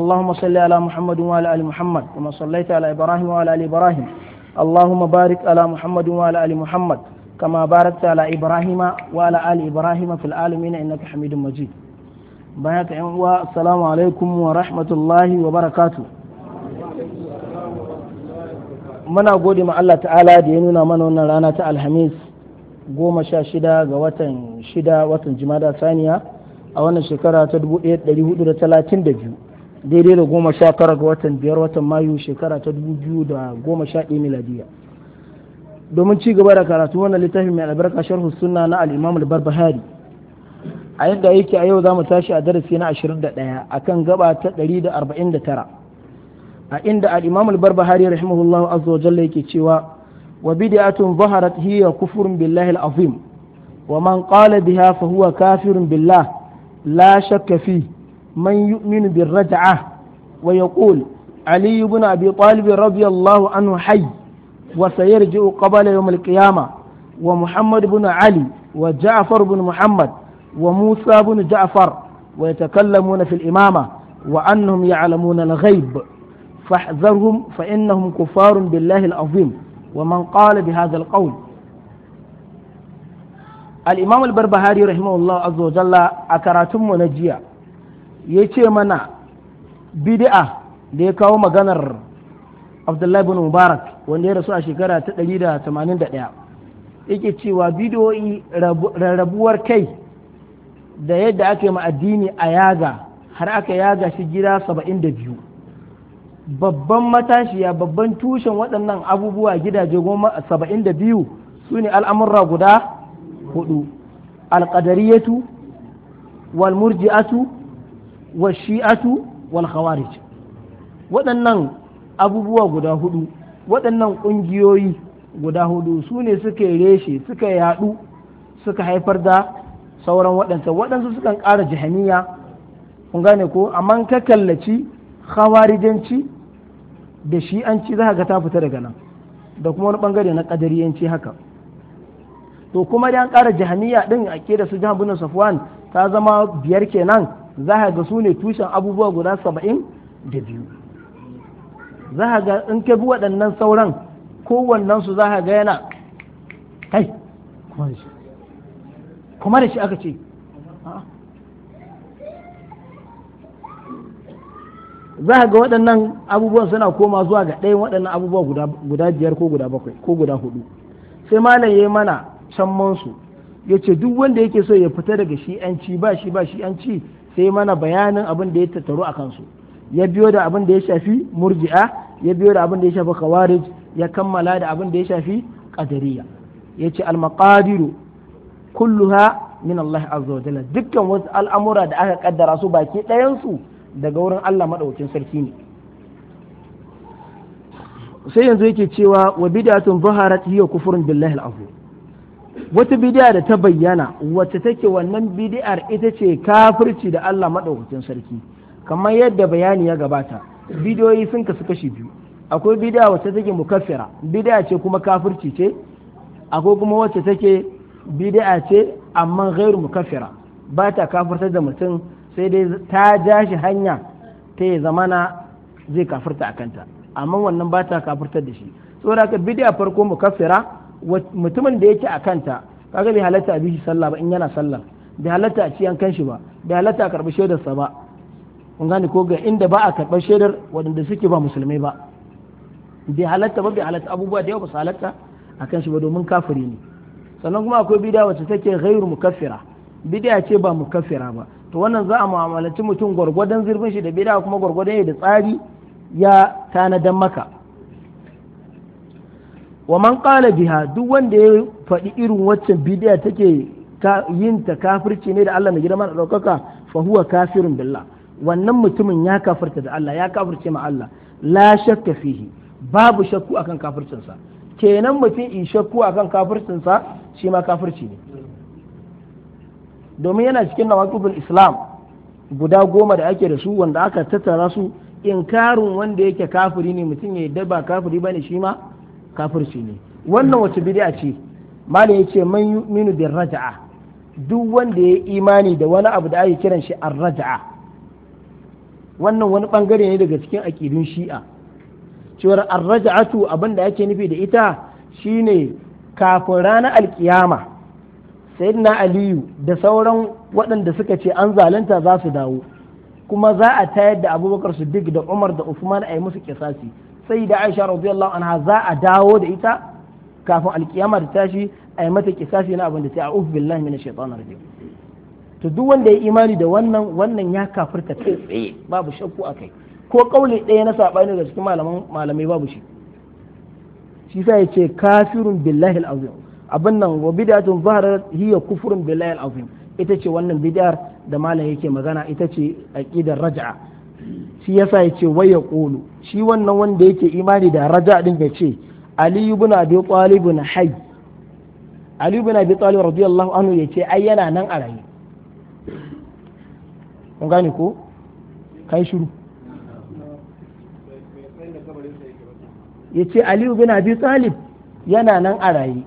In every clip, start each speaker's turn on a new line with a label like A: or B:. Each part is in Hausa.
A: اللهم صل على محمد وعلى ال محمد كما صليت على ابراهيم وعلى ال ابراهيم اللهم بارك على محمد وعلى ال محمد كما باركت على ابراهيم وعلى ال ابراهيم في العالمين انك حميد مجيد بارك السلام عليكم ورحمه الله وبركاته muna gode ma Allah ta'ala da ya nuna mana wannan rana ta alhamis goma sha shida ga watan shida watan jimada saniya a wannan shekara ta 1432 daidai da goma sha tara ga watan biyar watan mayu shekara ta dubu biyu da goma sha ɗaya miladiya domin ci gaba da karatu wannan littafin mai albarka sharhu sunna na al-imam al a yadda yake a yau za mu tashi a darasi na ashirin da 21 akan gaba ta 149 a inda al-imam al-barbahari rahimahullahu azza wa jalla yake cewa wa bid'atun zaharat hiya kufrun billahi al-azim wa man qala biha fa huwa kafirun billah la shakka fihi من يؤمن بالرجعة ويقول علي بن أبي طالب رضي الله عنه حي وسيرجع قبل يوم القيامة ومحمد بن علي وجعفر بن محمد وموسى بن جعفر ويتكلمون في الإمامة وأنهم يعلمون الغيب فاحذرهم فإنهم كفار بالله العظيم ومن قال بهذا القول الإمام البربهاري رحمه الله عز وجل أكراتم ونجيه ya ce mana bid'a da ya kawo maganar abdullahi bin mubarak wanda ya rasu a shekara ta 181 yake cewa bidiyoyi rarrabuwar kai da yadda ake ma'addini a yaga har aka yaga shi gida 72 babban matashiya babban tushen waɗannan abubuwa gidaje goma 72 su ne al'amurra guda hudu alƙadariyatu walmurji'atu wa shi'atu wal khawarij waɗannan abubuwa guda hudu waɗannan ƙungiyoyi guda hudu su ne suka reshe suka yaɗu suka haifar da sauran waɗansa waɗansu sukan ƙara jahaniya kun gane ko amma ka kallaci khawarijanci da shi'anci za ga ta fita daga nan da kuma wani bangare na ƙadariyanci haka to kuma dai an ƙara jahaniya ɗin a da su jihar safwan ta zama biyar kenan za a ga su ne tushen abubuwa guda saba'in da biyu za a ga in ka bi waɗannan sauran kowannen su za a ga yana kai kuma da shi kuma da shi aka ce za a ga waɗannan abubuwan suna koma zuwa ga ɗayan waɗannan abubuwa guda biyar ko guda bakwai ko guda hudu sai malam ya yi mana can mansu ya ce duk wanda yake so ya fita daga shi'anci ba shi ba shi'anci sai mana bayanin abin da ya tattaru a kansu ya biyo da abin da ya shafi murji'a ya biyo da abin da ya shafi khawarij ya kammala da abin da ya shafi qadariya yace al maqadiru kulluha min Allah azza wa jalla dukkan wasu al'amura da aka kaddara su baki ɗayan su daga wurin Allah madaukakin sarki ne sai yanzu yake cewa wa bid'atun zaharat hiya kufrun billahi al wata bidi'a da ta bayyana wacce take wannan bidi'ar ita ce kafirci da Allah maɗaukacin sarki kamar yadda bayani ya gabata bidiyoyi sun kasu kashi biyu akwai bidiya wacce take mukaffira bidi'a ce kuma kafirci ce akwai kuma wacce take bidi'a ce amma ghair mukaffira ba ta kafirtar da mutum sai dai ta ja shi hanya ta ya zamana zai kafirta a kanta amma wannan ba ta kafirtar da shi saboda haka bidi'a farko mukaffira mutumin da yake a kanta kaga bai halatta a bishi sallah ba in yana sallah bai halatta a ciyan kanshi ba bai halatta a karɓi shaidar sa ba kun gane ko ga inda ba a karɓar shaidar waɗanda suke ba musulmai ba bai halatta ba bai halatta abubuwa da yawa ba su halatta a kanshi ba domin kafiri ne sannan kuma akwai bidiya wacce take ghairu mukaffira bidiya ce ba mukaffira ba to wannan za a mu'amalanci mutum gwargwadon zurfin shi da bidiya kuma gwargwadon da tsari ya tanadan maka wa man qala biha duk wanda ya faɗi irin waccan bidiya take yin ta kafirci ne da Allah mai girma da ɗaukaka fa huwa kafirun billah wannan mutumin ya kafirta da Allah ya kafirce ma Allah la shakka fihi babu shakku akan kafircinsa kenan mutum in shakku akan kafircinsa shi ma kafirci ne domin yana cikin nawaqibul islam guda goma da ake da su wanda aka tattara su inkarin wanda yake kafiri ne mutum ya yadda ba kafiri bane shi ma kafirci ne wannan wace bid'a ce malam yace man yu'minu bir raja'a duk wanda ya imani da wani abu da ake kiran shi ar-raja'a wannan wani bangare ne daga cikin aqidun shi'a cewar ar-raja'atu abin da ake nufi da ita shine kafin ranar alkiyama sayyidina aliyu da sauran waɗanda suka ce an zalunta za su dawo kuma za a tayar da abubakar duk da umar da usman a yi musu kisasi sai da aisha radiyallahu anha za a dawo da ita kafin alkiyama da tashi a yi mata kisafi na abin da ta a'udhu billahi minash shaitanir rajim to duk wanda ya imani da wannan wannan ya kafirta kai tsaye babu shakku kai ko kauli ɗaya na sabani daga cikin malaman malamai babu shi shi sai ya ce kafirun billahi alazim abin nan wa bid'atun zaharat hiya kufrun billahi alazim ita ce wannan bid'ar da malam yake magana ita ce aqidar raj'a shi yasa wai waya ƙolo shi wannan wanda yake imani da raja din ya ce ali ibn abi talib hayy ali ibn abi talib radiyallahu anhu yace ai yana nan a raye kun gane ko kai shiru yace ali ibn abi talib yana nan a raye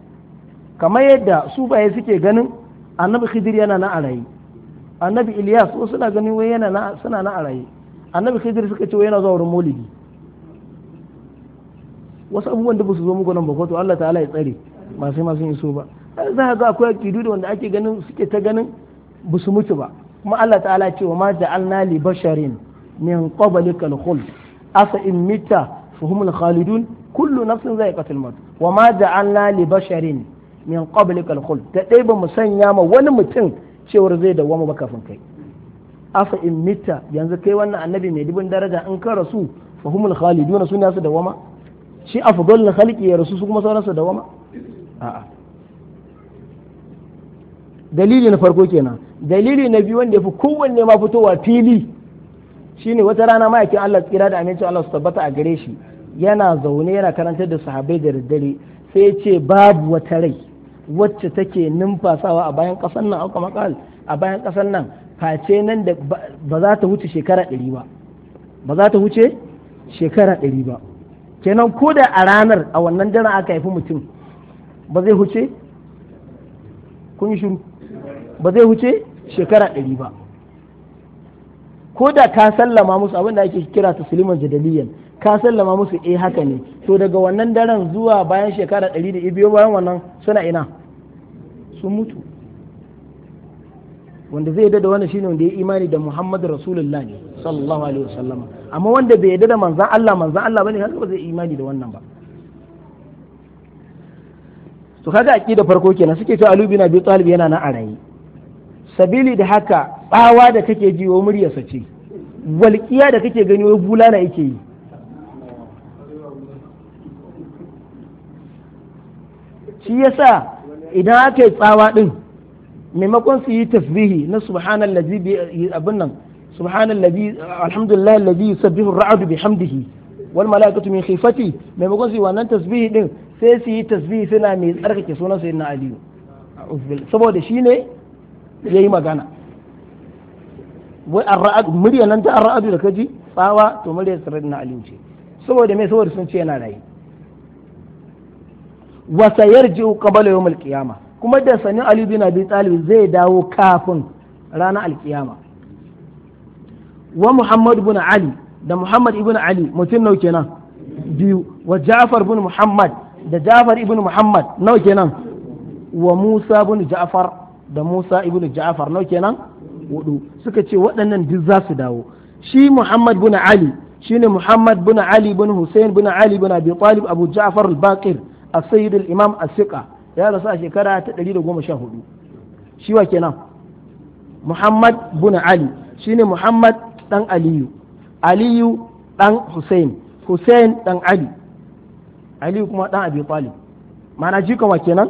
A: kamar yadda su baye suke ganin annabi khidir yana nan a raye annabi ilyas su na ganin wai yana suna nan a raye annabi khidir suka ce yana zuwa wurin maulidi wasu abubuwan da ba su zo muku nan ba ko to Allah ta'ala ya tsare masu masu iso ba za ka ga akwai akidu da wanda ake ganin suke ta ganin ba su mutu ba kuma Allah ta'ala ce wa ma ja'alna li basharin min qablika al-khuld asa in mita fa humul khalidun kullu nafsin za'iqatul maut wa ma ja'alna li basharin min qablika al-khuld da dai ba mu sanya ma wani mutum cewar zai dawwama ba kafin kai afa in mita yanzu kai wannan annabi mai dubin daraja in ka rasu fa humul khaliduna sun da dawama shi afdalul khalqi ya rasu su kuma sauran su dawama a'a dalili na farko kenan dalili na biyu wanda yafi kowanne ma fitowa fili shine wata rana yake Allah tsira da amincin Allah su tabbata a gare shi yana zaune yana karantar da sahabbai da daddare sai ya ce babu wata rai wacce take numfasawa a bayan ƙasar nan a bayan ƙasar nan face nan da ba za ta wuce shekara ɗari ba ba za ta wuce shekara ɗari ba kenan ko da a ranar a wannan daren aka haifi mutum ba zai huce kun yi shuru ba zai wuce shekara ɗari ba ko da ka sallama musu abin da ake kira ta suliman jadaliyan ka sallama musu eh haka ne to daga wannan daren zuwa bayan shekara ɗari da ibiyo bayan wannan suna ina sun mutu wanda zai yadda da wannan shine wanda ya imani da Muhammadu Rasulullah ne sallallahu alaihi wasallam amma wanda bai yadda da manzan Allah manzan Allah bane haka ba zai imani da wannan ba to kaga aqida farko kenan suke cewa Ali bin Abi Talib yana nan a raye sabili da haka bawa da kake ji wa muryarsa ce walƙiya da kake gani wai na yake yi shi yasa idan aka yi tsawa din maimakon su yi tasbihi na subhanallazi bi abin nan subhanallazi alhamdulillah allazi yusabbihu ar-ra'du bihamdihi wal malaikatu min khifati maimakon su yi wannan tasbihi din sai su yi tasbihi suna mai tsarkake sunan sayyidina aliyu saboda shine yayi magana wai ar-ra'd murya nan ta ar-ra'du da kaji tsawa to murya sayyidina aliyu ce saboda me saboda sun ce yana rayi wa sayarji qabala yawm al-qiyamah kuma da sanin Ali bin Abi Talib zai dawo kafin ranar alkiyama wa Muhammad ibn Ali da Muhammad ibn Ali mutum nau kenan biyu wa Ja'far ibn Muhammad da Ja'far ibn Muhammad nau kenan wa Musa ibn Ja'far da Musa ibn Ja'far nau kenan hudu suka ce waɗannan duk za su dawo shi Muhammad ibn Ali shine Muhammad ibn Ali ibn Hussein ibn Ali ibn Abi Talib Abu Ja'far al-Baqir as-Sayyid al-Imam as-Siqa ya rasu a shekara ta 114 shi wa kenan Muhammad bin Ali shine Muhammad dan Aliyu Aliyu dan Hussein Hussein dan Ali Aliyu kuma dan Abi Talib ma'ana jika wa kenan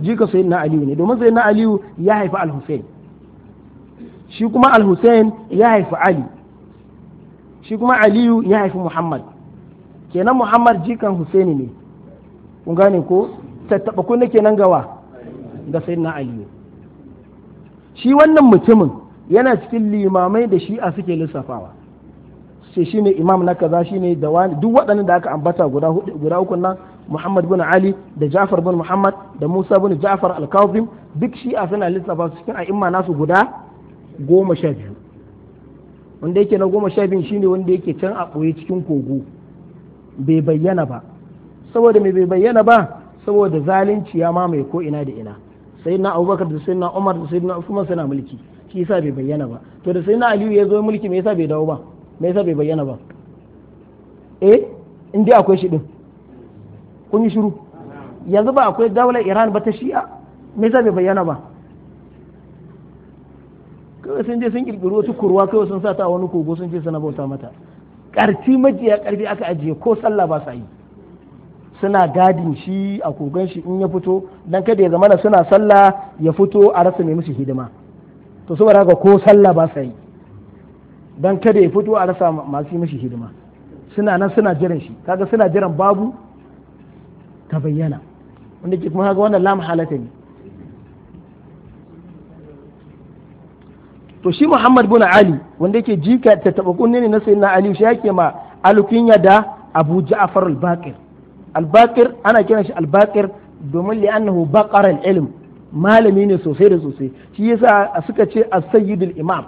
A: jika na Aliyu ne domin na Aliyu ya haifi Al-Hussein shi kuma Al-Hussein ya haifi Ali shi kuma Aliyu ya haifi Muhammad kenan Muhammad jikan Hussein ne kun gane ko tattaɓa kun nake nan gawa ga na aliyu shi wannan mutumin yana cikin limamai da shi'a suke lissafawa sai shi ne imam na kaza shi ne da wani duk waɗannan da aka ambata guda uku nan muhammad bin ali da ja'far bin muhammad da musa bin ja'far al-kawfim duk shi'a suna lissafa su cikin a'imma nasu guda goma sha biyu wanda yake na goma sha biyu shine wanda yake can a ɓoye cikin kogo bai bayyana ba saboda mai bai bayyana ba saboda zalunci ya mamaye ko ina da ina sai na abubakar da sai na umar da sai na usman suna mulki shi yasa bai bayyana ba to da sai na aliyu ya zo mulki me yasa bai dawo ba me yasa bai bayyana ba eh in dai akwai shi din kun yi shiru yanzu ba akwai daular iran ba ta shi'a me yasa bai bayyana ba kawai sun je sun kirkiri wata kurwa kawai sun sa ta wani kogo sun ce suna bauta mata karfi majiya karfi aka ajiye ko sallah ba sa yi suna gadin shi a kogon shi in ya fito dan kada ya zamana suna sallah ya fito a rasa mai musu hidima to saboda haka ko sallah ba sa yi dan kada ya fito a rasa masu mishi hidima suna nan suna jiran shi kaga suna jiran babu ta bayyana wanda ke kuma kaga wannan lam halata ne to shi Muhammad bin Ali wanda yake jika ta taba kunne ne na sayyidina Ali shi yake ma alkunya da Abu Ja'far al-Baqir albakir ana kiran shi albakir domin li'annahu baqara ilm malami ne sosai da sosai shi yasa suka ce as-sayyidul imam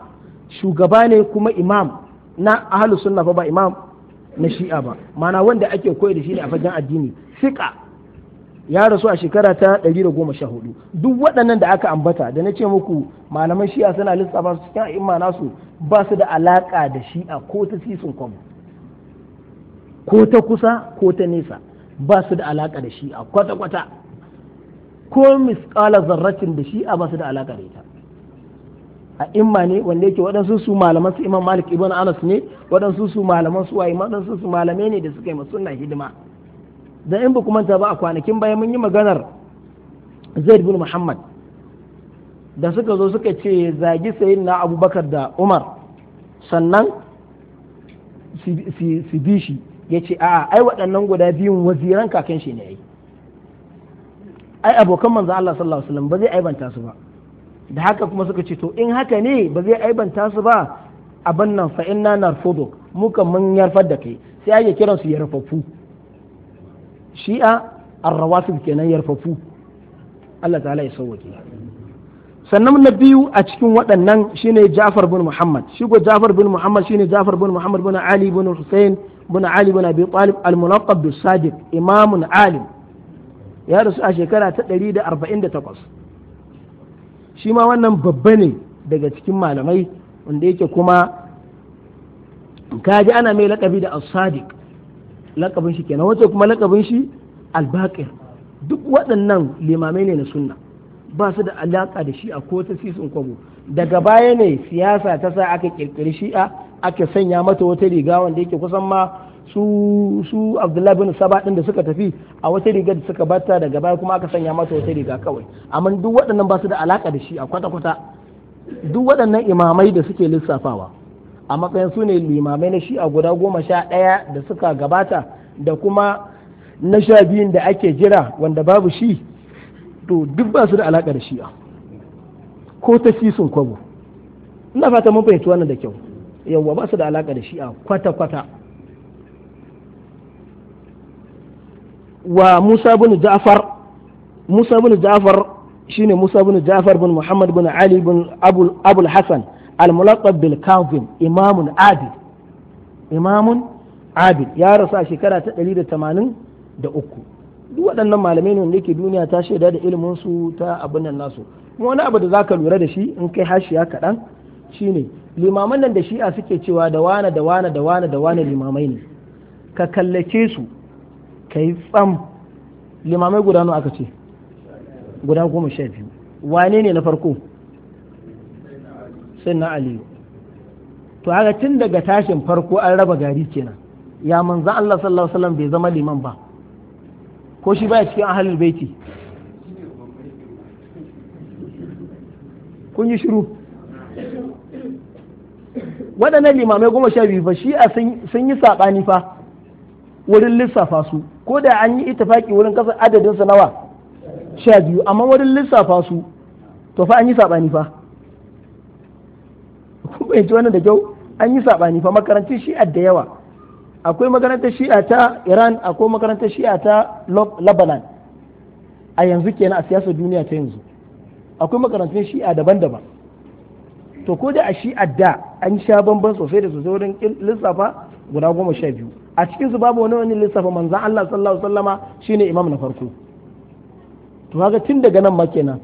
A: shugaba ne kuma imam na ahlus sunna fa ba imam na shi'a ba mana wanda ake koyi da shi ne a fagen addini fiqa ya rasu a shekara ta 114 duk waɗannan da aka ambata da na ce muku malaman shi'a suna lissafa su cikin imma nasu ba su da alaka da shi'a ko ta sisin kwam ko ta kusa ko ta nesa ba su da alaka da shi a kwata-kwata ko misƙala zarracin da shi a ba su da alaka da ita a imma ne wanda yake waɗansu su malaman su imam malik ibn anas ne waɗansu su malaman su waye waɗansu su malamai ne da suka yi masu hidima da in ba kuma ta ba a kwanakin bayan mun yi maganar zaid bin muhammad da suka zo suka ce zagi sayin na abubakar da umar sannan su bi shi ya ce a'a ai waɗannan guda biyun waziran kakan shi ne ai ai abokan manzo Allah sallallahu alaihi wasallam ba zai aibanta su ba da haka kuma suka ce to in haka ne ba zai aibanta su ba abin nan fa inna narfudu muka mun yarfar da kai sai ake kiran su yarfafu shi'a ar-rawasib kenan yarfafu Allah ta'ala ya sauwake sannan na biyu a cikin waɗannan shine Ja'far bin Muhammad shi go Ja'far bin Muhammad shine Ja'far bin Muhammad bin Ali bin Hussein bin Ali Sadiq imamun alim ya rasu a shekara ta 148 shi ma wannan babba ne daga cikin malamai wanda yake kuma kaji ana mai lakabi da as-Sadiq lakabin shi kenan wato kuma lakabin shi al-Baqir duk waɗannan limamai ne na sunna ba su da alaka da shi a ko ta sisin kwabo daga baya ne siyasa ta sa aka kirkiri shi'a aka sanya mata wata riga wanda yake kusan ma su abdullahi bin saba din da suka tafi a wata riga da suka bata daga baya kuma aka sanya mata wata riga kawai amma duk waɗannan ba su da alaka da shi a kwata-kwata duk waɗannan imamai da suke lissafawa a matsayin su ne limamai na shi a guda goma sha ɗaya da suka gabata da kuma na sha biyun da ake jira wanda babu shi to duk ba su da alaka da shi'a ko ta sun kwabo ina fata mun fahimci wannan da kyau yawwa ba su da alaka da shi a kwata-kwata wa musa bin ja'far musa bin ja'far shine musa bin ja'far bin muhammad bin ali bin abul abul hasan al-mulaqab bil kafin imamun adil imamun adil ya rasu a shekara ta 183 duk waɗannan malamai ne wanda yake duniya ta shaida da ilimin su ta abin nan nasu wani abu da za ka lura da shi in kai hashiya kaɗan shine limaman nan da shi'a suke cewa da wane da wane da wane da wane limamai ne ka kallace su ka yi tsam limamai guda nawa aka ce guda goma sha biyu wane ne na farko sai na aliyu to haka tun daga tashin farko an raba gari kenan ya manzo Allah sallallahu alaihi wasallam bai zama liman ba ko shi baya cikin ahlul baiti kun yi shiru waɗannan limamai goma sha biyu fa shi'a sun yi saɓani fa wurin lissafa su ko da an yi ittifaki wurin kasa adadin sa nawa sha biyu amma wurin lissafa su to fa an yi saɓani fa kun bayyanci wannan da kyau an yi saɓani fa makarantar shi'a da yawa akwai makarantar shi'a ta iran akwai makarantar shi'a ta lebanon a yanzu kenan a siyasar duniya ta yanzu akwai makarantun shi'a daban-daban to ko da a shi'a da an sha bamban sosai da sosai wurin lissafa guda goma sha biyu a cikin su babu wani wani lissafa manzan Allah sallallahu alaihi wasallama shine imam na farko to kaga tun daga nan ma kenan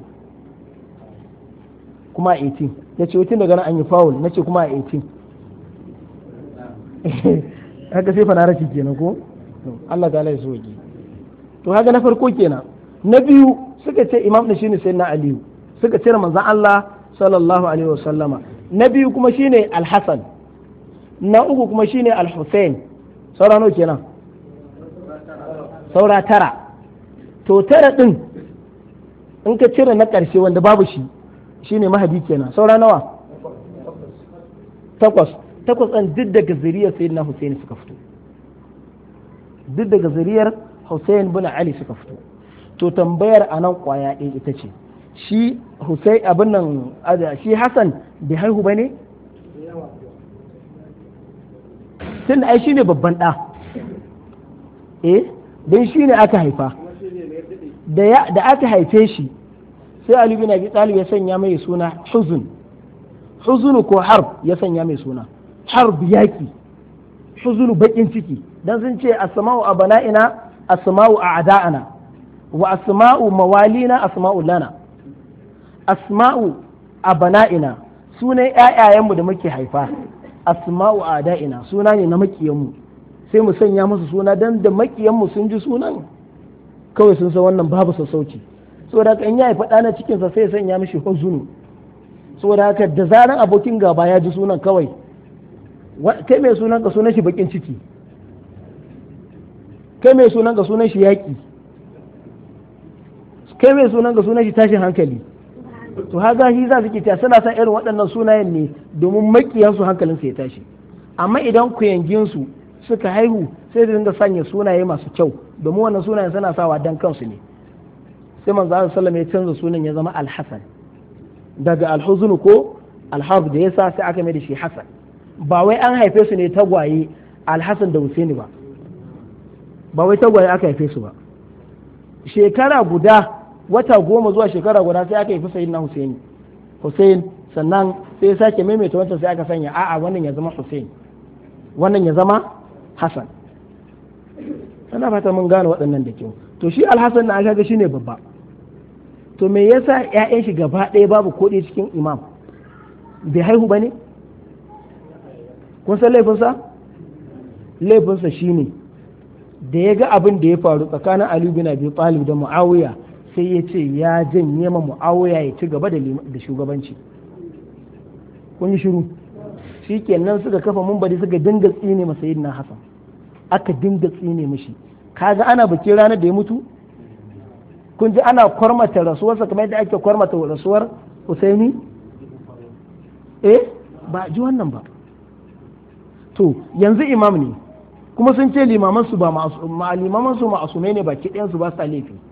A: kuma a 18 yace tun daga nan an yi foul nace kuma a 18 haka sai fana rashi kenan ko Allah ta ya soji to haka na farko kenan na biyu suka ce imam da shine sayyidina aliyu suka cire manzan Allah sallallahu alaihi wasallama na biyu kuma shine al-Hasan na uku kuma shine al-Hussein saura nawa kenan saura tara to tara din in ka cire na ƙarshe wanda babu shi shine mahadi kenan saura nawa takwas takwas ɗin duk daga zuriyar sayyidina Hussein suka fito duk daga zuriyar Hussein bin Ali suka fito to tambayar anan kwaya ɗin ita ce shi husai abin nan shi Hassan bai haihu ba ne? Tun ai shi ne babban ɗa. Eh, don shi ne aka haifa. Da aka haife shi sai Ali bin Abi Talib ya sanya mai suna Huzun. Huzunu ko Harb ya sanya mai suna. Harb yaki. Huzunu bakin ciki. Dan sun ce asma'u abana'ina asma'u a'da'ana wa asma'u mawalina asma'u lana. asma'u a bana'ina sunan ‘ya'yayenmu da muke haifa asma'u a da'ina suna ne na makiyanmu sai mu sanya musu suna don da makiyanmu sun ji sunan kawai sun san wannan babu sassauci saboda haka in ya haifa ɗana cikinsa sai ya sanya mishi huzunu saboda haka da zaran abokin gaba ya ji sunan kawai kai mai sunan ka sunan shi bakin ciki kai mai sunan ka sunan shi yaƙi kai mai sunan ka sunan shi tashin hankali to haza shi za su ta suna san irin waɗannan sunayen ne domin makiyansu su ya tashi amma idan ku kuyanginsu suka haihu sai su dinga sanya sunaye masu kyau domin wannan sunayen suna sawa dan kansu ne sai manzo Allah sallallahu ya canza sunan ya zama al daga al ko al-harb da yasa sai aka mai da shi hasan ba wai an haife su ne tagwaye al-hasan da husaini ba ba wai tagwaye aka haife su ba shekara guda wata goma zuwa shekara guda sai aka yi yin sayyidina Hussaini. Husain sannan sai sake maimaita wancan sai aka sanya a'a wannan ya zama Husain wannan ya zama Hassan ana fata mun gane waɗannan da kyau to shi alhassan na aka ga shine babba to me yasa ƴaƴan shi gaba ɗaya babu koɗi cikin imam bai haihu ba ne kun san laifinsa laifinsa shine da ya ga abin da ya faru tsakanin Ali bin Abi Talib da Muawiya sai ya ce ya janye ma mu'awiya ya ci gaba da shugabanci kun yi shiru shi kenan suka kafa mumbari suka dinga tsine masa yin na hasan aka dinga tsine mishi kaga ana bikin ranar da ya mutu kun ji ana kwarmata rasuwarsa kamar yadda ake kwarmata rasuwar husaini eh ba ji wannan ba to yanzu imam ne kuma sun ce limaman su ba limaman su ma'asumai ne baki ɗayan su ba sa laifi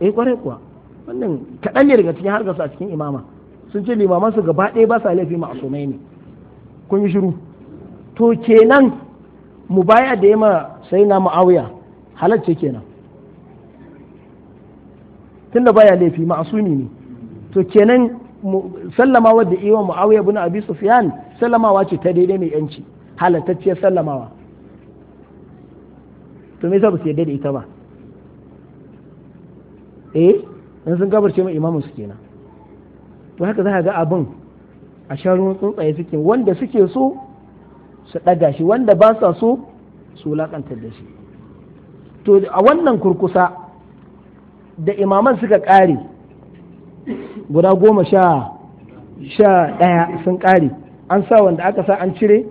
A: eh kwarai kuwa wannan kaɗan ne daga cikin harkarsu a cikin imama sun ce limaman su gaba ɗaya ba sa laifi ma'asumai ne kun yi shiru to kenan mu baya da yama sai na mu'awiya halarce kenan tunda baya laifi ma'asumi ne to kenan sallamawa da iwa mu'awiya bin abi sufyan sallamawa ce ta daidai mai yanci halattacciyar sallamawa to me yasa ba su yarda da ita ba eh in sun gabarce mai imamin su kenan to haka za a ga abin a sharuwan tsuntsaye suke wanda suke so su ɗaga shi wanda ba sa so su lakantar da shi to a wannan kurkusa da imaman suka ƙare guda goma sha ɗaya sun ƙare an sa wanda aka sa an cire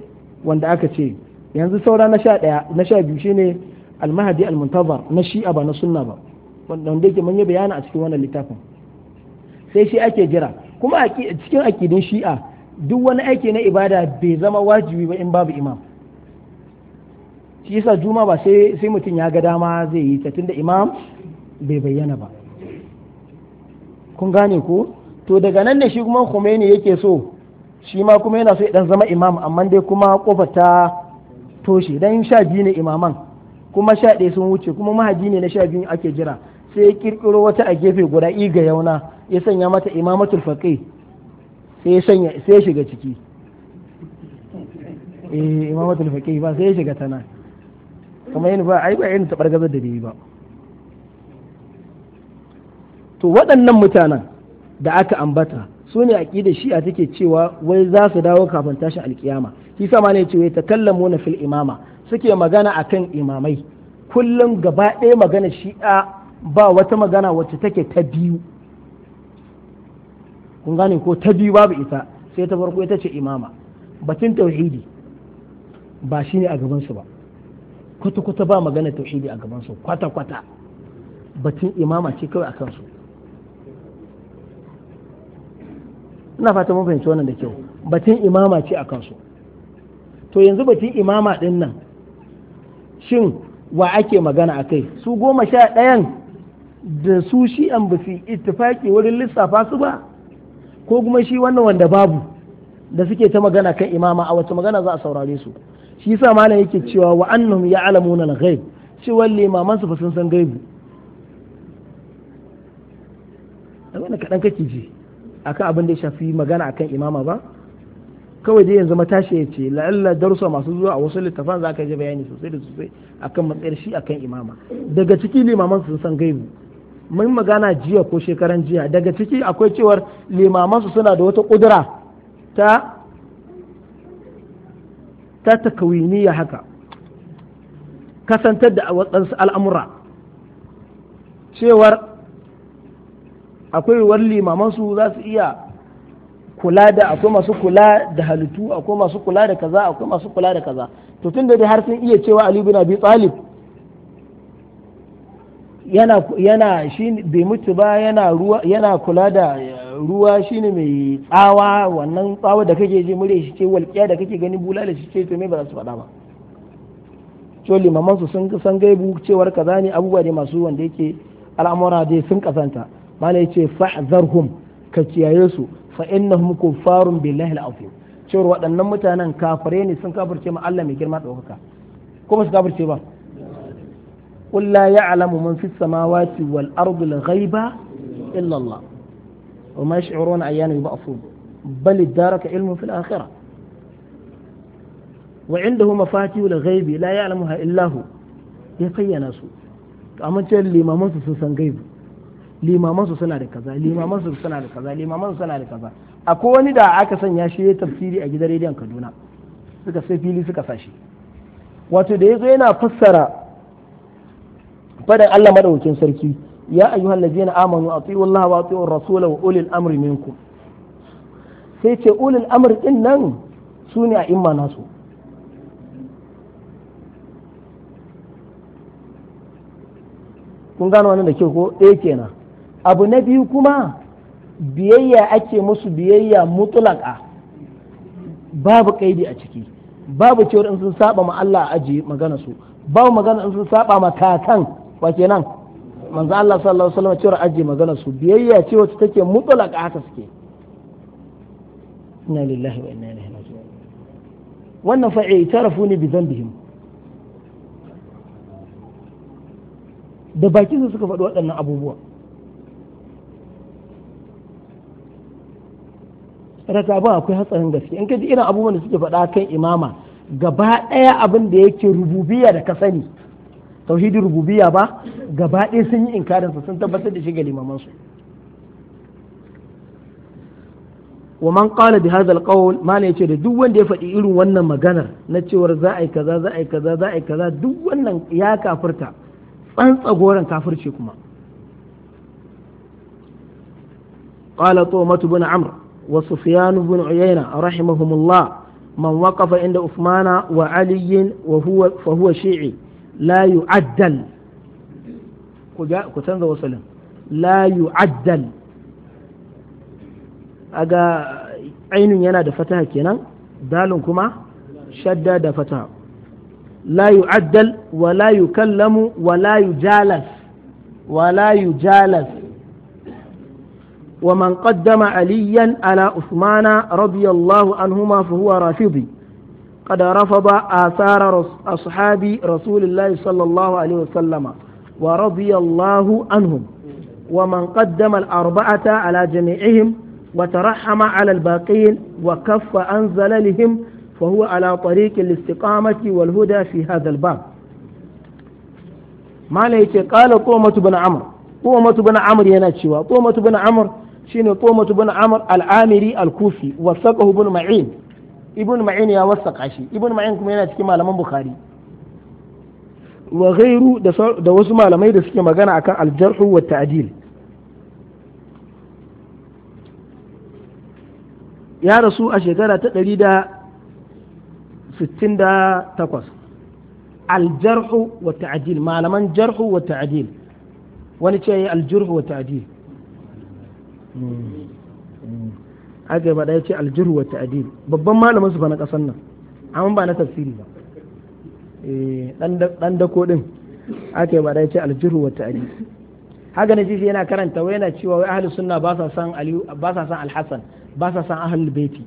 A: wanda aka ce yanzu saura na sha ɗaya na sha biyu shine almahadi almuntazar na shi'a ba na sunna ba wanda yake manya bayana a cikin wannan littafin sai shi ake jira kuma a cikin akidin shi'a duk wani aiki na ibada bai zama wajibi ba in babu imam shi yasa juma ba sai sai mutum ya ga dama zai yi ta tunda imam bai bayyana ba kun gane ko to daga nan ne shi kuma Khomeini yake so shi ma kuma yana so ya zama imam amma dai kuma kofar ta toshe dan sha biyu ne imaman kuma sha ɗaya sun wuce kuma mahaji ne na sha biyu ake jira sai ya kirkiro wata a gefe guda iga yauna ya sanya mata imamatul faqih sai ya sanya sai ya shiga ciki eh imamatul faqih ba sai ya shiga tana kamar yin ba ai ba yin tabar gazar da biyu ba to waɗannan mutanen da aka ambata su ne aƙidar shi'a take cewa wai za su dawo kafin tashin alkiyama shi sama ne ce wai takallamu na fil imama suke magana akan imamai kullum gaba ɗaya magana shi'a ba wata magana wacce take ta biyu kun gane ko ta biyu babu ita sai ta farko ita ce imama batun tauhidi ba shi ne a gabansu ba kwata-kwata ba magana tauhidi a gabansu kwata-kwata batun imama ce kawai a kansu ina fata mun fahimci wannan da kyau batun imama ce a kansu to yanzu batun imama din nan shin wa ake magana a kai su goma sha ɗayan da su shi an ba su ittifaki wurin lissafa su ba ko kuma shi wannan wanda babu da suke ta magana kan imama a wacce magana za a saurare su shi yasa malam yake cewa wa annahum ya'lamuna al-ghaib cewa imaman su ba sun san gaibu wannan kaɗan kake ji akan abin da ya shafi magana akan imama ba kawai dai yanzu matashi ya ce la'alla darussa masu zuwa a wasu littafan za ka je bayani sosai da sosai akan matsayar shi akan imama daga ciki limaman sun san gaibu mun magana jiya ko shekaran jiya daga ciki akwai cewar limamansu suna da wata ƙudura ta ta takawiniya haka kasantar da waɗansu al'amura cewar akwai war limamansu za su iya kula da akwai masu kula da halittu akwai masu kula da kaza akwai masu kula da kaza to tun da dai har sun iya cewa ali bin abi talib yana yana shi bai mutu ba yana kula da ruwa shine mai tsawa wannan tsawa da kake ji mure shi ce walƙiya da kake gani da shi ce to me ba za su faɗa ba to limaman su sun san gaibu cewar kaza ne abubuwa ne masu wanda yake al'amura dai sun kasanta mala yace fahzarhum ka kiyaye su fa innahum kuffarun billahi al'azim cewar waɗannan mutanen kafare ne sun kafirce ma Allah mai girma ɗaukaka ko ba su kafirce ba قل لا يعلم من في السماوات والأرض الغيب إلا الله وما يشعرون أيان يبعثون بل ادارك علم في الآخرة وعنده مفاتيح الغيب لا يعلمها إلا هو يبين su amma ce limaman su sun san gaibu limaman su suna da kaza limaman suna da kaza limaman suna da kaza akwai wani da aka sanya shi ya tafsiri a gidan rediyon Kaduna suka sai fili suka wato da yazo yana fassara fadan Allah madaukakin sarki ya ayyuhal ladzina amanu atiiu Allah wa atiiu ar-rasul wa ulil amri minkum sai ce ulil amri din nan sune a imma nasu kun gano wannan da ke ko ɗaya kenan abu na biyu kuma biyayya ake musu biyayya mutlaka babu kaidi a ciki babu cewar in sun saba ma Allah a magana su babu magana in sun saba ma kakan wa kenan manzo Allah sallallahu alaihi wasallam cewa aje magana su biyayya ce wacce take mutlaka haka suke inna lillahi wa inna ilaihi raji'un wannan fa i'tarafu ni bi dhanbihim da bakin su suka faɗi waɗannan abubuwa raka ba akwai hatsarin gaske in kaji irin abubuwan da suke faɗa kan imama gaba ɗaya abin da yake rububiya da ka sani tauhidin rububiyya ba gaba ɗaya sun yi inkarinsa sun tabbatar da shi ga limamansu wa man qala bi hadha mana yace da duk wanda ya faɗi irin wannan maganar na cewar za a yi kaza za a yi kaza za a yi kaza duk wannan ya kafirta tsantsagoran kafirce kuma qala tumat ibn amr wa sufyan ibn uyayna rahimahumullah man waqafa inda usmana wa ali wa huwa la yu'addal ku canza wasalin la yu'addal aga yana da fataha kenan dalin kuma shadda da fataha la yu'addal wa la yukallamu wa la yujalas wa la yujalas ومن قدم عليا على عثمان رضي الله عنهما فهو رافضي قد رفض آثار أصحاب رسول الله صلى الله عليه وسلم ورضي الله عنهم ومن قدم الأربعة على جميعهم وترحم على الباقين وكف عن زللهم فهو على طريق الاستقامة والهدى في هذا الباب ما ليت قال قومة بن عمرو قومة بن عمرو يناتشوا قومة بن عمرو شنو قومة بن عمرو العامري الكوفي وثقه بن معين ibn ma'in ya wasaka shi ibn ma'in kuma yana cikin malaman bukhari wa ghairu da wasu malamai da suke magana akan aljarhu wa ta'dil ya rasu a shekara ta 168 aljarhu wa ta'dil malaman jarhu wa ta'dil wani ce aljarhu wa ta'dil hmm. aka faɗa ya ce aljiru wa ta'adil babban malamin su fa na ƙasar nan amma ba na tafsiri ba dan eh, dako din aka faɗa ya ce aljiru wa ta'adil haka ne jifi yana karanta wai yana cewa wai ahli sunna ba sa san aliyu ba sa san alhasan ba sa san ahlul baiti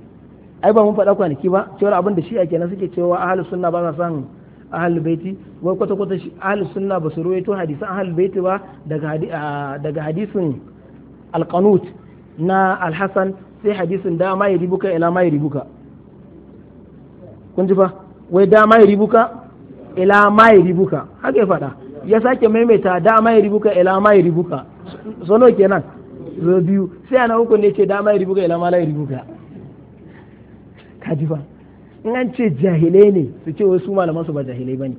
A: ai ba mun faɗa kwanaki ba cewa abin da shi a kenan suke cewa ahlus sunna ba sa san ahlul baiti wai kwata kwata ahli sunna ba su ruwaito hadisan ahlul baiti ba daga ah, daga hadisin alqanut na alhasan sai hadisin da ma yaribuka ila ma yaribuka kun ji fa wai da ma ribuka? ila ma ribuka? haka ya faɗa ya sake maimaita da ma ribuka? ila ma ribuka? sono kenan zo biyu sai ana uku ne ce da ma ribuka? ila ma la ribuka? ka ji fa in an ce jahilai ne su ce wai su malaman su ba jahilai bane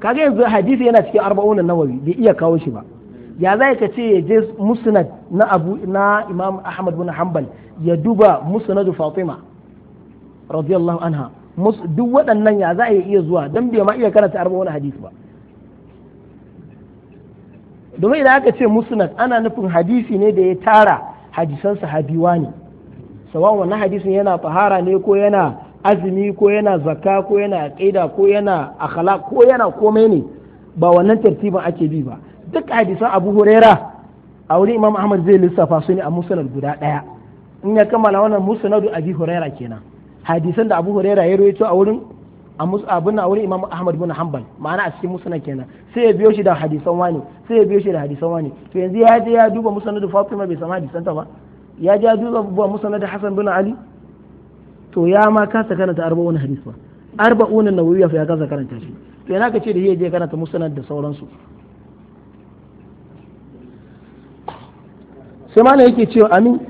A: kaga yanzu hadisi yana cikin arba'un nawawi bai iya kawo shi ba ya zai ka ce ya je musnad na abu na imam ahmad bin hanbal ya duba musnadu fatima radiyallahu anha duk waɗannan ya za a iya zuwa don bai ma iya karanta arba wani hadisi ba domin idan aka ce musnad ana nufin hadisi ne da ya tara hadisan sahabiwa ne sawan wannan hadisin yana fahara ne ko yana azumi ko yana zakka ko yana aqida ko yana akhlaq ko yana komai ne ba wannan tartibin ake bi ba duk hadisan abu huraira a wurin imam ahmad zai lissafa su ne a musnad guda daya in ya kammala wannan musanadu abi huraira kenan hadisan da abu huraira ya rawaito a wurin a abin a wurin imam ahmad bin hanbal ma'ana a cikin musnad kenan sai ya biyo shi da hadisan wani sai ya biyo shi da hadisan wani to yanzu ya je ya duba musnad fatima bai samu hadisan ta ba ya je ya duba musnad hasan bin ali to ya ma kasa karanta arba'un hadis ba arba'un nawawi ya kasa karanta shi to yana ka ce da ya je karanta musnad da sauransu sai ma yake cewa amin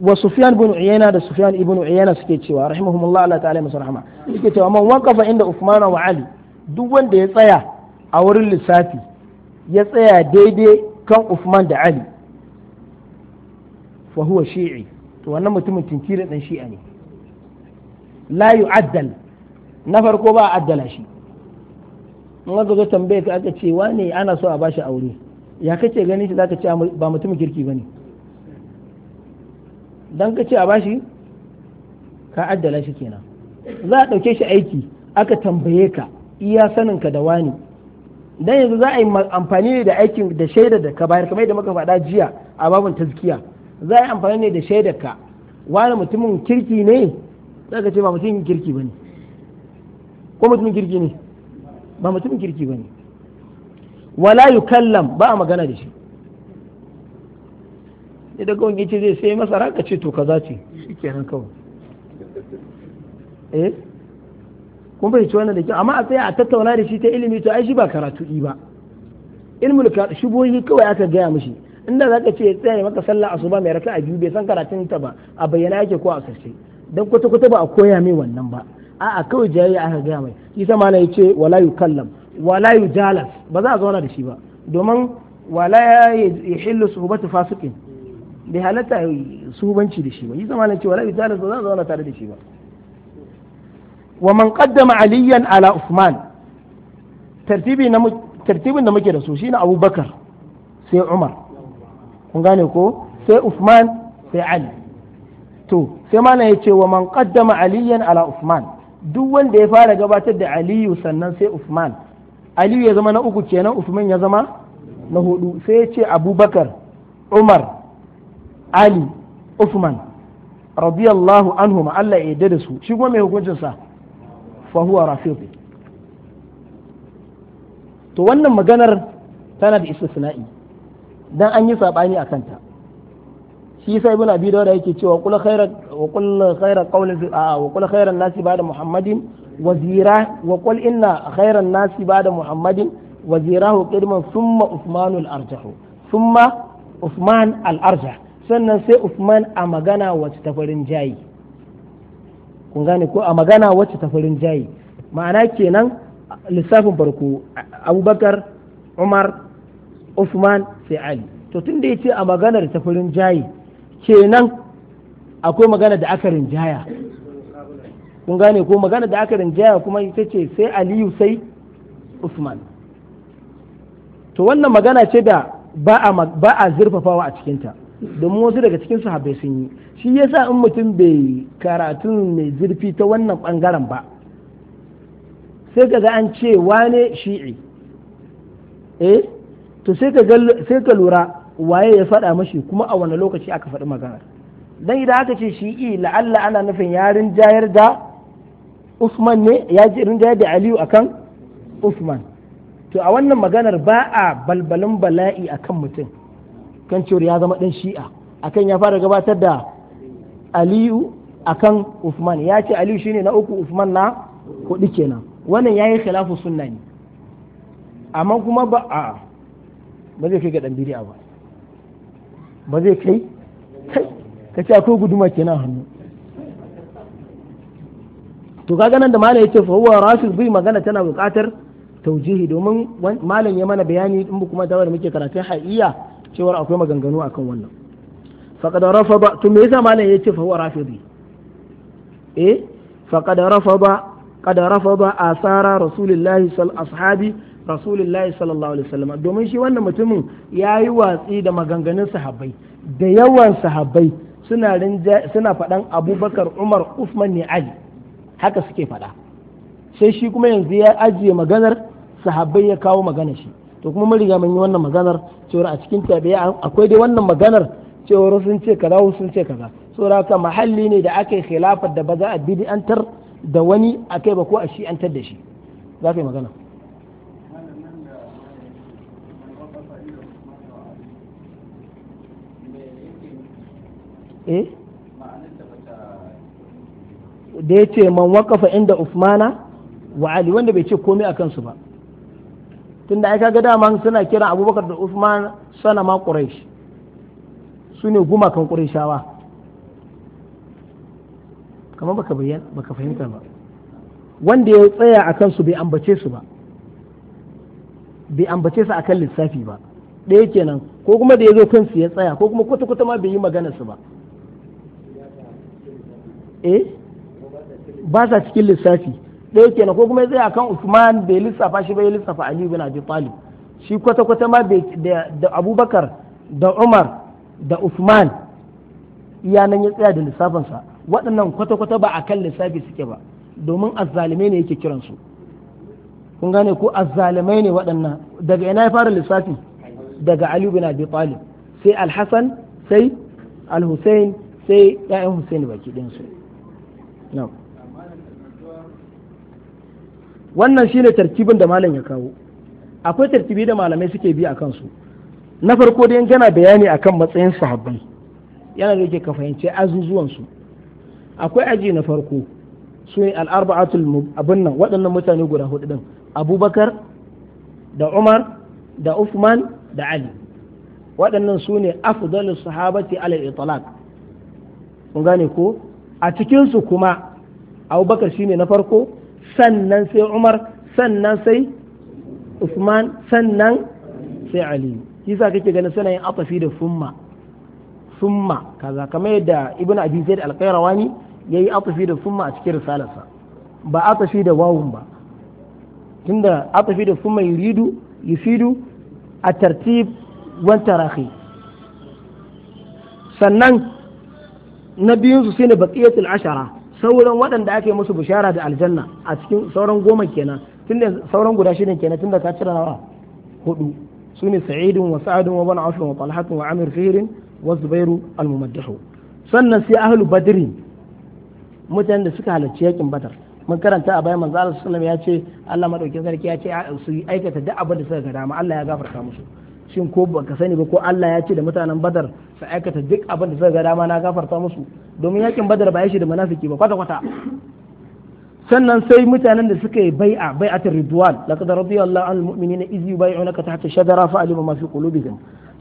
A: wa sufyan bin uyayna da sufyan ibn uyayna suke cewa rahimahumullah Allah ta'ala masa rahma suke cewa man waqafa inda usman wa ali duk wanda ya tsaya a wurin lissafi ya tsaya daidai kan usman da ali fa huwa shi'i to wannan mutumin tinkirin dan shi'a ne la yu'addal na farko ba a addala shi in aka zo tambaye ka aka ce wane ana so a bashi aure ya kace ganin shi zaka ce ba mutumin kirki bane dan ka ce a bashi ka addala shi kenan za a ɗauke shi aiki aka tambaye ka iya saninka da wani dan yanzu za a yi amfani ne da aikin da shaida da ka bayar kamar yadda muka faɗa jiya a babin tazkiya za a yi amfani ne da shaida ka wani mutumin kirki ne za ka ce ba mutumin kirki ba ne ko mutumin kirki ne ba mutumin kirki ba ne wala yukallam ba a magana da shi sai da kawai yace zai sai masa raka ce to kaza ce kenan kawai eh bai ci wannan da kyau amma a tsaya a tattauna da shi ta ilimi to ai shi ba karatu ɗi ba ilmul shubohi kawai aka gaya mishi inda za ka ce ya tsaya maka sallah asuba mai raka a biyu bai san karatun ta ba a bayyana yake ko a sarce dan kwata kwata ba a koya mai wannan ba a'a kawai jayayya aka gaya mai shi sama na ce wala yukallam wala yujalas ba za a zauna da shi ba domin wala yahillu suhbatu fasikin bai halatta banci da shi ba yi zamanin cewa la yuta halatta zan zauna tare da shi ba wa man qaddama aliyan ala usman tartibi na tartibin da muke da su shine abubakar sai umar kun gane ko sai usman sai ali to sai mana ya ce wa man qaddama aliyan ala usman duk wanda ya fara gabatar da aliyu sannan sai usman aliyu ya zama na uku kenan usman ya zama na hudu sai ya ce abubakar umar ali Uthman radiyallahu anhu ma Allah ya yarda da su shi kuma mai hukuncin sa fa huwa rafiqi to wannan maganar tana da istisna'i dan an yi sabani a kanta shi sai ibnu abi dawud yake cewa qul khayra wa qul khayra qawlin a wa qul khayran nasi ba'da muhammadin wazira wa qul inna khayran nasi ba'da muhammadin wazirahu qidman thumma uthmanul arjahu thumma uthman al arjah sannan sai Uthman a magana wacce ta farin jayi kun gane ko a magana wacce ta farin jayi ma'ana kenan lissafin farko abubakar umar Uthman sai ali to tun da ya ce a maganar ta farin jayi kenan akwai magana da aka rinjaya kun gane ko magana da aka rinjaya kuma ita ce sai aliyu sai Uthman to wannan magana ce da ba a zurfafawa a cikinta domin wasu daga cikin sahabbai sun yi shi yasa in mutum bai karatun mai zurfi ta wannan bangaren ba sai ka ga an ce wane shi'i eh to sai ka lura waye ya faɗa mashi kuma a wani lokaci aka faɗi magana dan idan aka ce shi'i la'alla ana nufin ya rinjayar da Usman ne ya ji da Aliyu akan Usman to a wannan maganar ba a balbalin bala'i akan mutum kan cewar ya zama ɗan shi'a akan ya fara gabatar da aliyu akan Uthman ya ce aliyu shine na uku Uthman na hudu kenan wannan yayi khilafu sunna ne amma kuma ba a ba zai kai ga dan ba ba zai kai kai ka ce akwai guduma kenan hannu to kaga nan da malam yace fa huwa rasul bi magana tana buƙatar taujihi domin malam ya mana bayani in kuma da muke karatun ha'iyya cewar akwai maganganu akan wannan rafa ba to me yasa malam ce fa rafi bi eh faqad rafa ba rafada asara rasulillahi sal ashabi rasulillahi sallallahu alaihi wasallam domin shi wannan mutumin ya yi watsi da maganganun sahabbai da yawan sahabbai suna rinja suna faɗan abubakar umar usman ne ali haka suke faɗa sai shi kuma yanzu ya ajiye maganar sahabbai ya kawo maganar shi to kuma mun riga mun yi wannan maganar cewar a cikin tabi'a akwai dai wannan maganar cewar sun ce kaza sun ce kaza saboda haka mahalli ne da aka yi khilafar da ba za a bid'antar da wani akai ba ko a shi shi'antar da shi za ka yi magana eh da ya ce man waƙafa inda Usmana wa Ali wanda bai ce komai a kansu ba tunda ai kaga dama suna kira abubakar da usman sana ma quraish su ne gumakan qurayshawa kamar baka bayyana baka fahimta ba wanda ya tsaya a kansu bai ambace su ba bai ambace su akan lissafi ba ɗaya kenan ko kuma da ya zo kansu ya tsaya ko kuma kwata-kwata ma bai yi magana su ba eh ba sa cikin lissafi ɗaya kenan ko kuma zai akan Usman bai lissafa shi bai lissafa Ali bin Abi Talib shi kwata kwata ma da Abubakar da Umar da Usman iya nan ya tsaya da lissafinsa waɗannan kwata kwata ba akan lissafi suke ba domin azzalimai ne yake kiran su kun gane ko azzalumai ne waɗannan daga ina ya fara lissafi daga Ali bin Abi Talib sai Al-Hasan sai Al-Hussein sai ƴaƴan Hussein baki su na'am wannan shine tartibin da malam ya kawo akwai tartibi da malamai suke bi a kansu na farko dai yankana bayani akan matsayin sahabbai yana da yake ka fahimci azuzuwansu akwai aji na farko su ne al'arba'atul abin nan waɗannan mutane guda hudu din abubakar da umar da uthman da ali waɗannan su ne afdalus sahabati ala itlaq kun gane ko a cikinsu kuma abubakar shine na farko sannan sai umar sannan sai usman sannan sai aliyu yasa kake ganin suna yin atafi da summa summa kaza kamar yadda ibn abi zaid al-qayrawani yayi atafi da summa a cikin risalarsa ba atafi da wawun ba tunda atafi da summa yuridu yufidu a tartib wan tarahi sannan na biyun su ne baqiyatul ashara sauran waɗanda ake musu bishara da aljanna a cikin sauran goma kenan tunda sauran guda shidan kenan tunda ka cira nawa hudu ne sa'idun wa sa'adun wa bani wa talhatun wa amir fihirin wa zubairu al-mumaddahu sannan sai ahlu badri mutanen da suka halarci yakin badar mun karanta a bayan manzo Allah sallallahu alaihi wasallam ya ce Allah madaukakin sarki ya ce su aikata duk abin da suka ga dama Allah ya gafarta musu shin ko baka sani ba ko Allah ya ce da mutanen badar su aikata duk abin da zai ga dama na gafarta musu domin yakin badar ba ya shi da munafiki ba kwata kwata sannan sai mutanen da suka yi bai'a bai'atul ridwan laqad radiyallahu anil mu'minina iz yubay'unaka tahta shajara fa alima ma fi qulubihim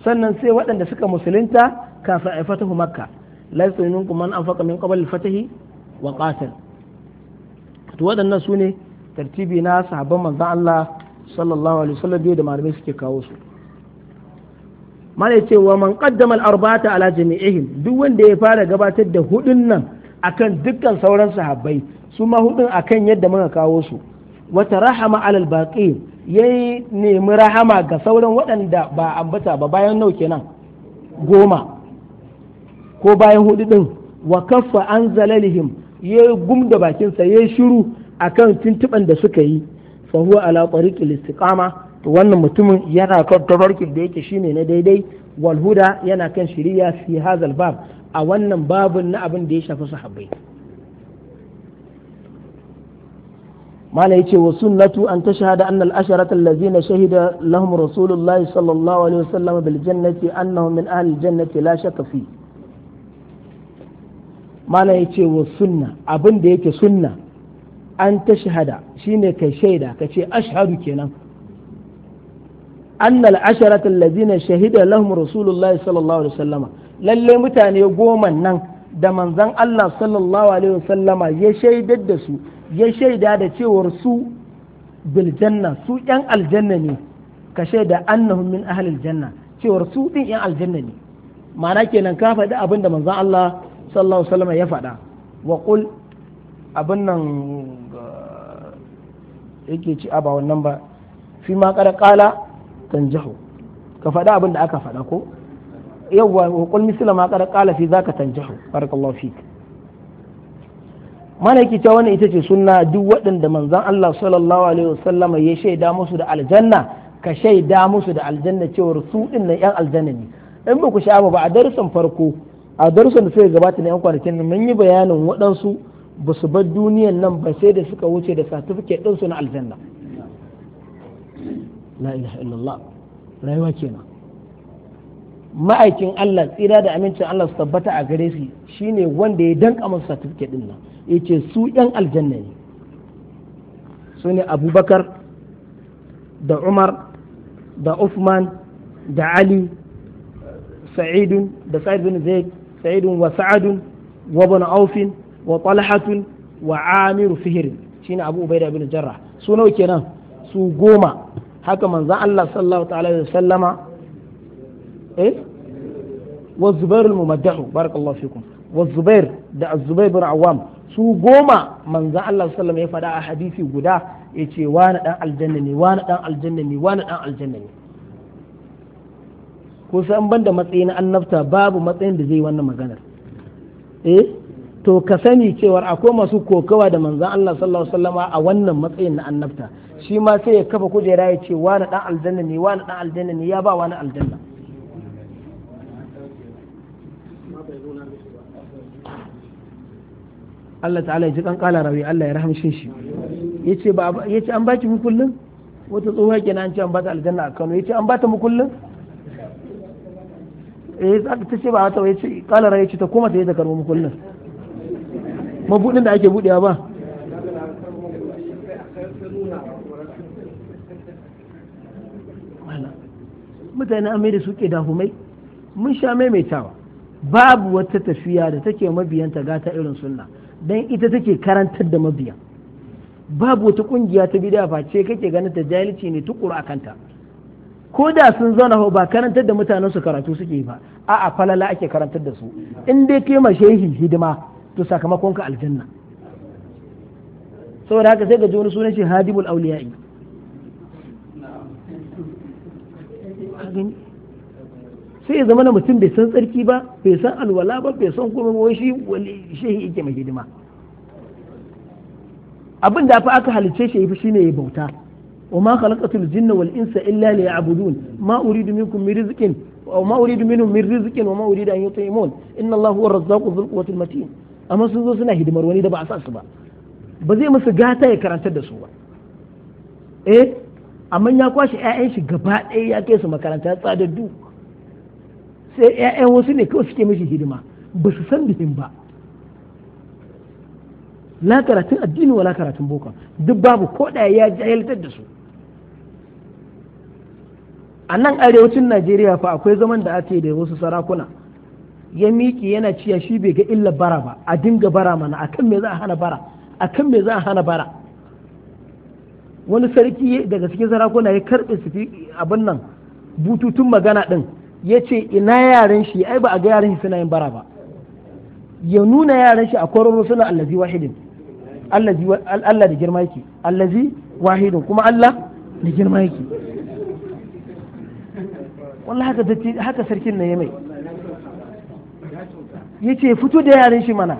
A: sannan sai waɗanda suka musulunta kafin a fatahu makka laysa minkum man anfaqa min qabl fatahi wa qatal to waɗannan sune tartibi na sahabban manzon Allah sallallahu alaihi wasallam da malamai suke kawo su mana ce wa man qaddama al-arba'ata ala jami'ihim duk wanda ya fara gabatar da hudun nan akan dukkan sauran sahabbai su ma hudun akan yadda muka kawo su wa tarahama alal al-baqi yayi nemi rahama ga sauran waɗanda ba ambata ba bayan nau kenan goma ko bayan hudu din wa kaffa anzalalihim ya gumda bakinsa ya shiru akan tuntuban da suka yi fa huwa ala tariqil istiqama to wannan mutumin yana kan tabarkin da yake shine na daidai walhuda yana kan shiriya fi hazal bab a wannan babun na abin da ya shafi sahabbai mala yace wa sunnatu an tashhada anna al-asharata allazina shahida lahum rasulullahi sallallahu alaihi wasallam bil jannati annahum min ahli jannati la shakka fi mala yace wa sunna abin da yake sunna an tashhada shine kai shaida kace ashhadu kenan أن العشرة الذين شهد لهم رسول الله صلى الله عليه وسلم للي متاني قوما نن da manzan Allah sallallahu alaihi wasallama ya shaidar da su ya shaida da cewar su biljanna su yan aljanna ne ka shaida annahum min ahlil janna cewar su din yan aljanna ne mana kenan ka faɗi abinda manzan Allah sallallahu alaihi wasallama ya faɗa wa qul abin nan yake ci a ba wannan ba fi ma kada kala tanjahu ka faɗa abin da aka faɗa ko yawwa wa qul misla ma qad qala fi zaka tanjahu barakallahu fik mana yake cewa wannan ita ce sunna duk waɗanda manzon Allah sallallahu alaihi wasallama ya shaida musu da aljanna ka shaida musu da aljanna cewa su din nan yan aljanna ne in ba ku ba a darussan farko a darussan da suka gabata na yan kwanakin nan mun yi bayanin waɗansu ba su bar duniyan nan ba sai da suka wuce da certificate ɗinsu na aljanna la ilaha illallah rayuwa kenan ma'aikin Allah tsira da amincin Allah su tabbata a gare shi shine wanda ya danka masa certificate din nan yace su yan aljanna ne su ne Abubakar da Umar da Uthman da Ali Sa'idun da Sa'id bin Zaid Sa'idun wa Sa'adun wa Ibn Aufin wa Talhatun wa Amiru Fihrin shine Abu Ubaida bin Jarrah su nawa kenan su goma haka manzo Allah sallallahu ta'ala wa sallama eh wa Zubair al-Mumaddahu barakallahu fikum wa Zubair da Az-Zubair bin awam su goma manzo Allah sallallahu ya faɗa a hadisi guda yace wani dan aljanna ne wani dan aljanna ne wani dan aljanna ne ko san an banda matsayi na annabta babu matsayin da zai wannan maganar eh to ka sani cewar akwai masu kokawa da manzo Allah sallallahu alaihi wasallama a wannan matsayin na annabta shi ma sai ya kafa kujera ya ce wani dan aljanna ne wani dan aljanna ne ya ba wani aljanna Allah ta'ala ya ji kan kala rawi Allah ya rahamshe shi yace ba yace an baki mu kullun wata tsohuwa kenan an ce an bata aljanna a Kano yace an bata mu kullun eh ta ce ba wata yace kala rawi yace ta koma ta yi ta karbo mu kullun
B: mabudin da ake budewa ba
A: mutane an su da su dahumai mun sha maimaitawa babu wata tafiya da take mabiyanta gata irin sunna dan ita take karantar da mabiya babu wata kungiya ta bid'a face kake ganin ta jahilci ne tukuru a kanta ko da sun zauna ba karantar da mutanen su karatu suke ba a'a falala ake karantar da su in dai kai ma shehi hidima to sakamakon ka aljanna saboda haka sai ga ji sunan shi hadibul auliya'i gani sai ya zama na mutum bai san tsarki ba bai san alwala ba bai san kuma wani shi wani shehi yake mai hidima abin da fa aka halice shi yafi shine ya bauta wa ma khalaqatul jinna wal insa illa liya'budun ma uridu minkum min rizqin wa ma uridu minhum min rizqin wa ma uridu an yut'imun inna allaha huwa razzaqu dhul quwwatil matin amma sun zo suna hidimar wani da ba a sa su ba ba zai musu gata ya karantar da su ba eh amma ya kwashe 'ya'yan shi gaba ɗaya ya kai su makaranta tsadaddu sai 'ya'yan wasu ne kawai suke mishi hidima ba su san bihin ba la karatun addini wa la karatun boko duk babu ko ɗaya ya jahiltar da su a nan arewacin najeriya fa akwai zaman da ake da wasu sarakuna ya miki yana ciya shi bai ga illa bara ba a dinga bara mana akan me za a hana bara akan me za a hana bara wani sarki daga cikin sarakuna ya karbe su abin nan bututun magana din ya ce ina yaran shi ai ba a ga yaran shi suna yin bara ba ya nuna yaran shi a kwararo suna allazi wahidin Allah da girma yake allazi wahidin kuma Allah da girma yake
B: wallahi haka haka sarkin na ya mai
A: Ya ce fito da yaran shi mana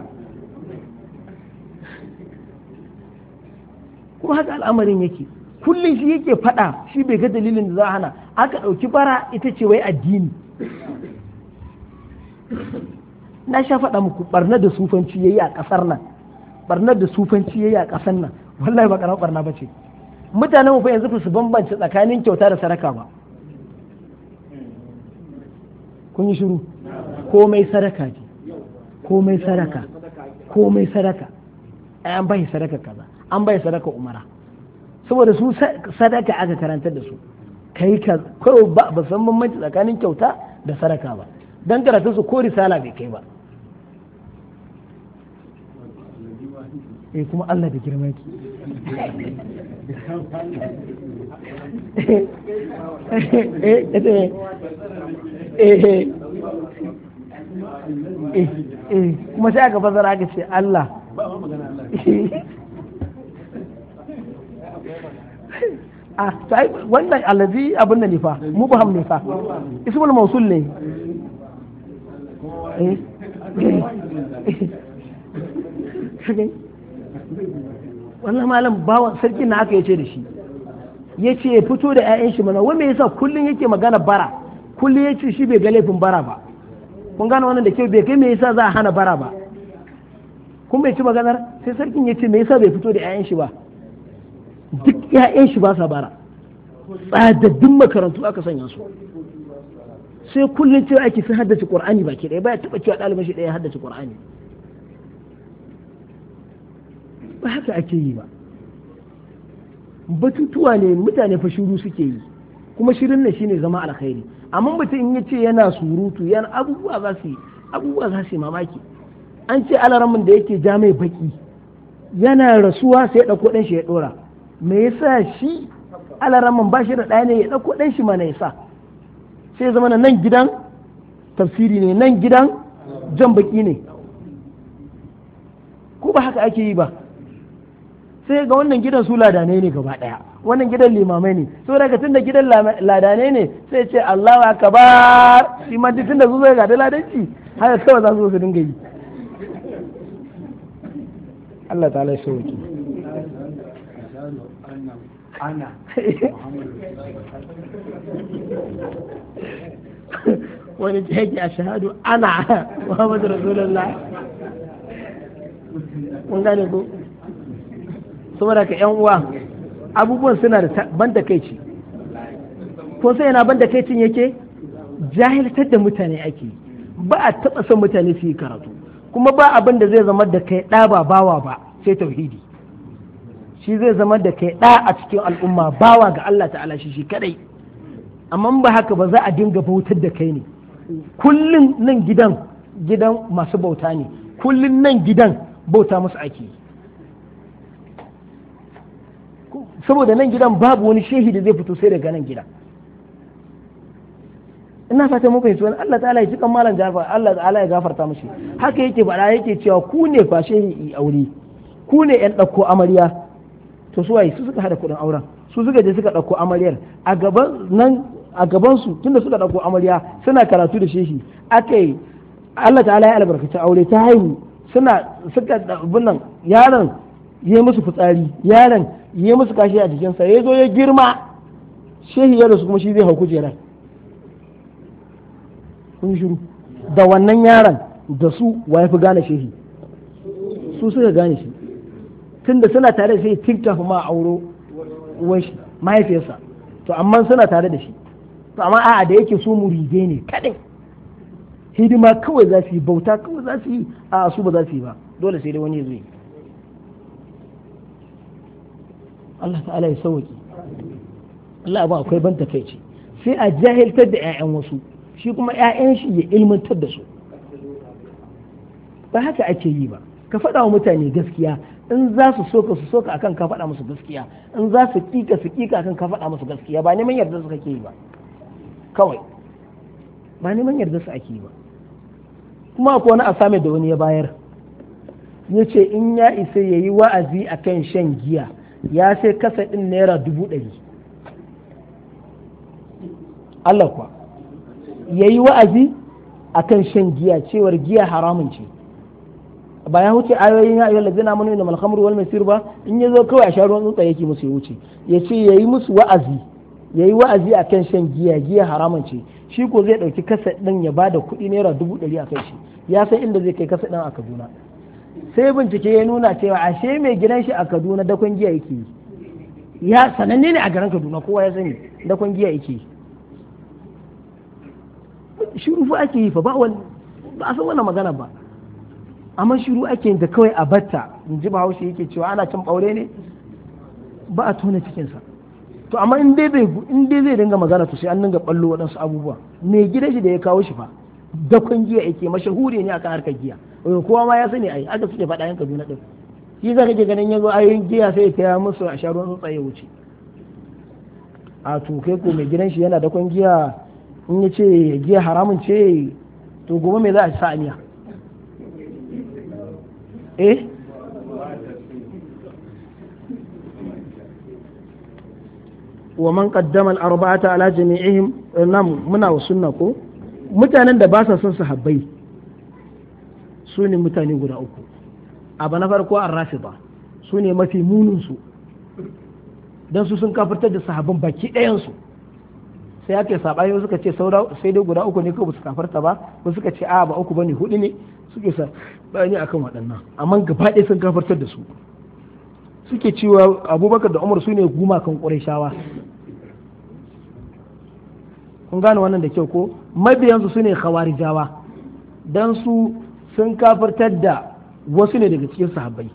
A: kuma haka al'amarin yake kullum shi yake faɗa shi bai ga dalilin da za a hana aka ɗauki bara ita ce wai addini na sha faɗa muku barna da sufanci yayi a ƙasar nan barna da sufanci yayi a ƙasar nan wallahi ba ƙaramar barna ba ce mutanen mu fa yanzu su bambance tsakanin kyauta da sadaka ba kun yi shiru komai sadaka ne komai sadaka komai sadaka an bai sadaka kaza an bai sadaka umara saboda su sadaka aka karantar da su kai ka kawai ba ba san bambanci tsakanin kyauta da sadaka ba dan karatun su ko risala bai kai ba eh kuma Allah da girma ki
B: eh, eh, eh, kuma sai
A: aka fasara aka ce Allah a ah, wannan alazi abin da ne fa mubham ne fa ismul mausul ne eh, eh. wannan malam bawan sarki na aka yace da shi ya ce ya fito da 'ya'yan shi mana wanda yasa kullum yake magana bara kullum ya ce shi bai ga laifin bara ba kun gane wannan da kyau bai kai me yasa za a hana bara ba kun bai ci maganar sai sarkin ya yace me yasa bai fito da 'ya'yan shi ba duk 'ya'yan shi ba sa bara tsadaddun makarantu aka sanya su sai kullum cewa ake sun haddace qur'ani baki ɗaya baya taɓa cewa ɗalibin shi ɗaya haddace qur'ani ba haka ake yi ba batutuwa ne mutane fa shiru suke yi kuma shirin ne shine zama alkhairi amma mutum in yace yana surutu yana abubuwa za su abubuwa za su mamaki an ce alaramin da yake ja mai baki yana rasuwa sai ya ɗauko ɗan shi ya ɗora me yasa shi alaraman ba shi da ɗaya ne ya ɗauko ɗan shi mana yasa sai zama nan gidan tafsiri ne nan gidan jan baki ne ko ba haka ake yi ba sai ga wannan gidan su ladane ne gaba ɗaya wannan gidan limamai ne so daga tun da gidan ladane ne sai ce Allahu akbar shi tun da su zai gada ladanci haka kawai za su dinga yi Allah ta'ala ya ana wani ta yake a shahadu ana muhammadu rasulullah mun gane ko saboda ka yan uwa abubuwan suna da ban da kai ce ko sai yana ban da kai yake jahiltar da mutane ake ba a taɓa son mutane su yi karatu kuma ba abin da zai zama da kai ɗaba bawa ba sai tauhidi shi zai zama da kai ɗa a cikin al'umma bawa ga Allah ta'ala shi shi kadai amma ba haka ba za a dinga bautar da kai ne kullum nan gidan gidan masu bauta ne kullum nan gidan bauta musu ake saboda nan gidan babu wani shehi da zai fito sai daga nan gidan ina fata mun fahimci wani Allah ta'ala ya ji kan malam Jafar Allah ta'ala ya gafarta mishi haka yake faɗa yake cewa ku ne fa shehi aure ku ne yan ɗauko amarya to su waye su suka hada kuɗin auren su suka je suka ɗauko amaryar a gaban nan a gaban su tunda suka ɗauko amarya suna karatu da shehi akai Allah ta'ala ya albarkaci aure ta haihu suna suka bin nan yaron ya musu fitsari yaron ya musu kashi a jikin ya zo ya girma shehi ya rasu kuma shi zai hau kujerar kun shiru da wannan yaron da su wa fi gane shehi su suka gane shi tunda suna tare sai tinkafa ma auro mahaifiyarsa to amma suna tare da shi to amma a'a da yake su muride ne kadai hidima kawai za su yi bauta kawai za su yi a su ba za su yi ba dole sai dai wani ya Allah ta'ala ya sauki Allah ba akwai ban takaici sai a jahiltar da 'ya'yan wasu shi kuma 'ya'yan shi ya ilmantar da su ba haka ake yi ba ka faɗa wa mutane gaskiya in za su soka su soka akan ka faɗa musu gaskiya in za su kika su kika akan ka faɗa musu gaskiya ba neman yarda su kake yi ba kawai ba neman yarda su ake yi ba kuma akwai wani asame da wani ya bayar ya ce in ya isa ya yi wa'azi a kan shan giya ya sai kasa ɗin naira dubu ɗari Allah kuwa ya yi wa'azi a kan shan giya cewar giya haramun ce ba ya huce ayoyin ya ayyuhal ladzina amanu innamal khamru wal maisir ba in ya zo kawai a sha ruwan tsuntsaye yake musu ya wuce ya ce ya yi musu wa'azi ya yi wa'azi a kan shan giya giya haramun ce shi ko zai ɗauki kasa ɗin ya ba da kuɗi naira dubu ɗari a kai shi ya san inda zai kai kasa ɗin a Kaduna sai bincike ya nuna cewa ashe mai gidan shi a Kaduna dakon giya yake yi ya sananne ne a garin Kaduna kowa ya sani dakon giya yake yi shiru rufu ake yi fa ba wani ba a san wannan magana ba amma shiru ake da kawai a batta in ji bahaushe yake cewa ana cin ɓaure ne ba a tona cikinsa to amma in dai zai dinga magana to sai an dinga ɓallo waɗansu abubuwa mai gidan shi da ya kawo shi fa dakon giya yake mashahuri ne akan harkar giya eh, kowa ma ya sani ai aka suke faɗa yanka juna ɗin, shi za ka ke ganin yazo ayoyin giya sai ya yi musu a sharuwan ya wuce a to kai ko mai gidan shi yana dakon giya in ya ce giya haramun ce to gobe me za a sa aniya eh wa man qaddama al-arba'ata ala jami'ihim eh, nam muna wa sunna ko mutanen da ba sa son sahabbai su ne mutane guda uku abu na farko an ba su ne mafi muninsu don dan su sun kafirtar da sahabban baki ɗayansu sai ake sabani suka ce sai dai guda uku ne ko ba su kafarta ba ko suka ce a ba uku bane hudu ne suke sa bayani akan waɗannan amma gaba ɗaya sun kafartar da su suke cewa abubakar da umar su ne gumakan ƙurashawa kun gane wannan da kyau ko mabiyansu su ne khawarijawa dan su sun kafartar da wasu ne daga cikin sahabbai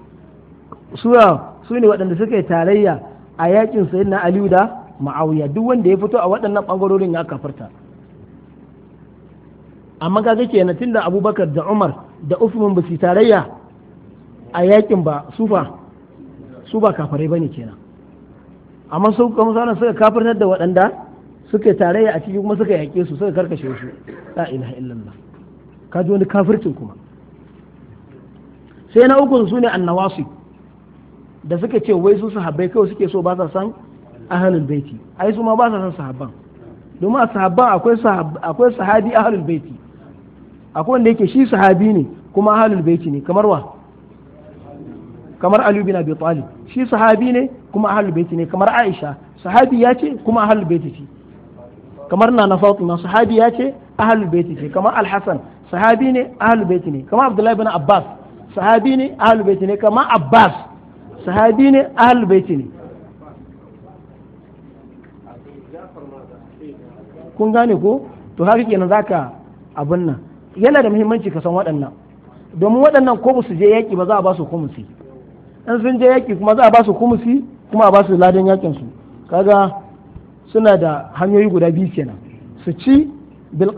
A: su ne waɗanda suka yi tarayya a yakin sayyidina aliyu da ma'awiya duk wanda ya fito a waɗannan ɓangarorin ya kafarta amma kaga kenan tunda abubakar da umar da usman ba su tarayya a yakin ba sufa su ba ba bane kenan amma su kuma sana suka kafirnar da waɗanda suka tarayya a ciki kuma suka yaƙe su suka karkashe su la ilaha illallah ka ji wani kafircin kuma sai na uku su ne annawasi da suka ce wai su sahabbai kawai suke so ba sa san ahlul baiti ai su ma ba sa san sahabban domin a sahabban akwai sahabi ahlul baiti akwai wanda yake shi sahabi ne kuma ahlul baiti ne kamar wa kamar Ali bin Abi Talib shi sahabi ne kuma ahlul baiti ne kamar Aisha sahabi ya ce kuma ahlul baiti ce kamar Nana Fatima sahabi ya ce ahlul baiti ce kamar Al-Hasan sahabi ne ahlul baiti ne kamar Abdullahi bin Abbas sahabi ne ahlul baiti ne kamar Abbas sahabi ne ahlul baiti ne kun gane ko to haka kenan zaka abin nan yana da muhimmanci ka san waɗannan domin waɗannan ko su je yaƙi ba za a ba su kumusi in sun je yaƙi kuma za a ba su kumusi kuma a ba su ladan yaƙin su kaga suna da hanyoyi guda biyu kenan su ci bil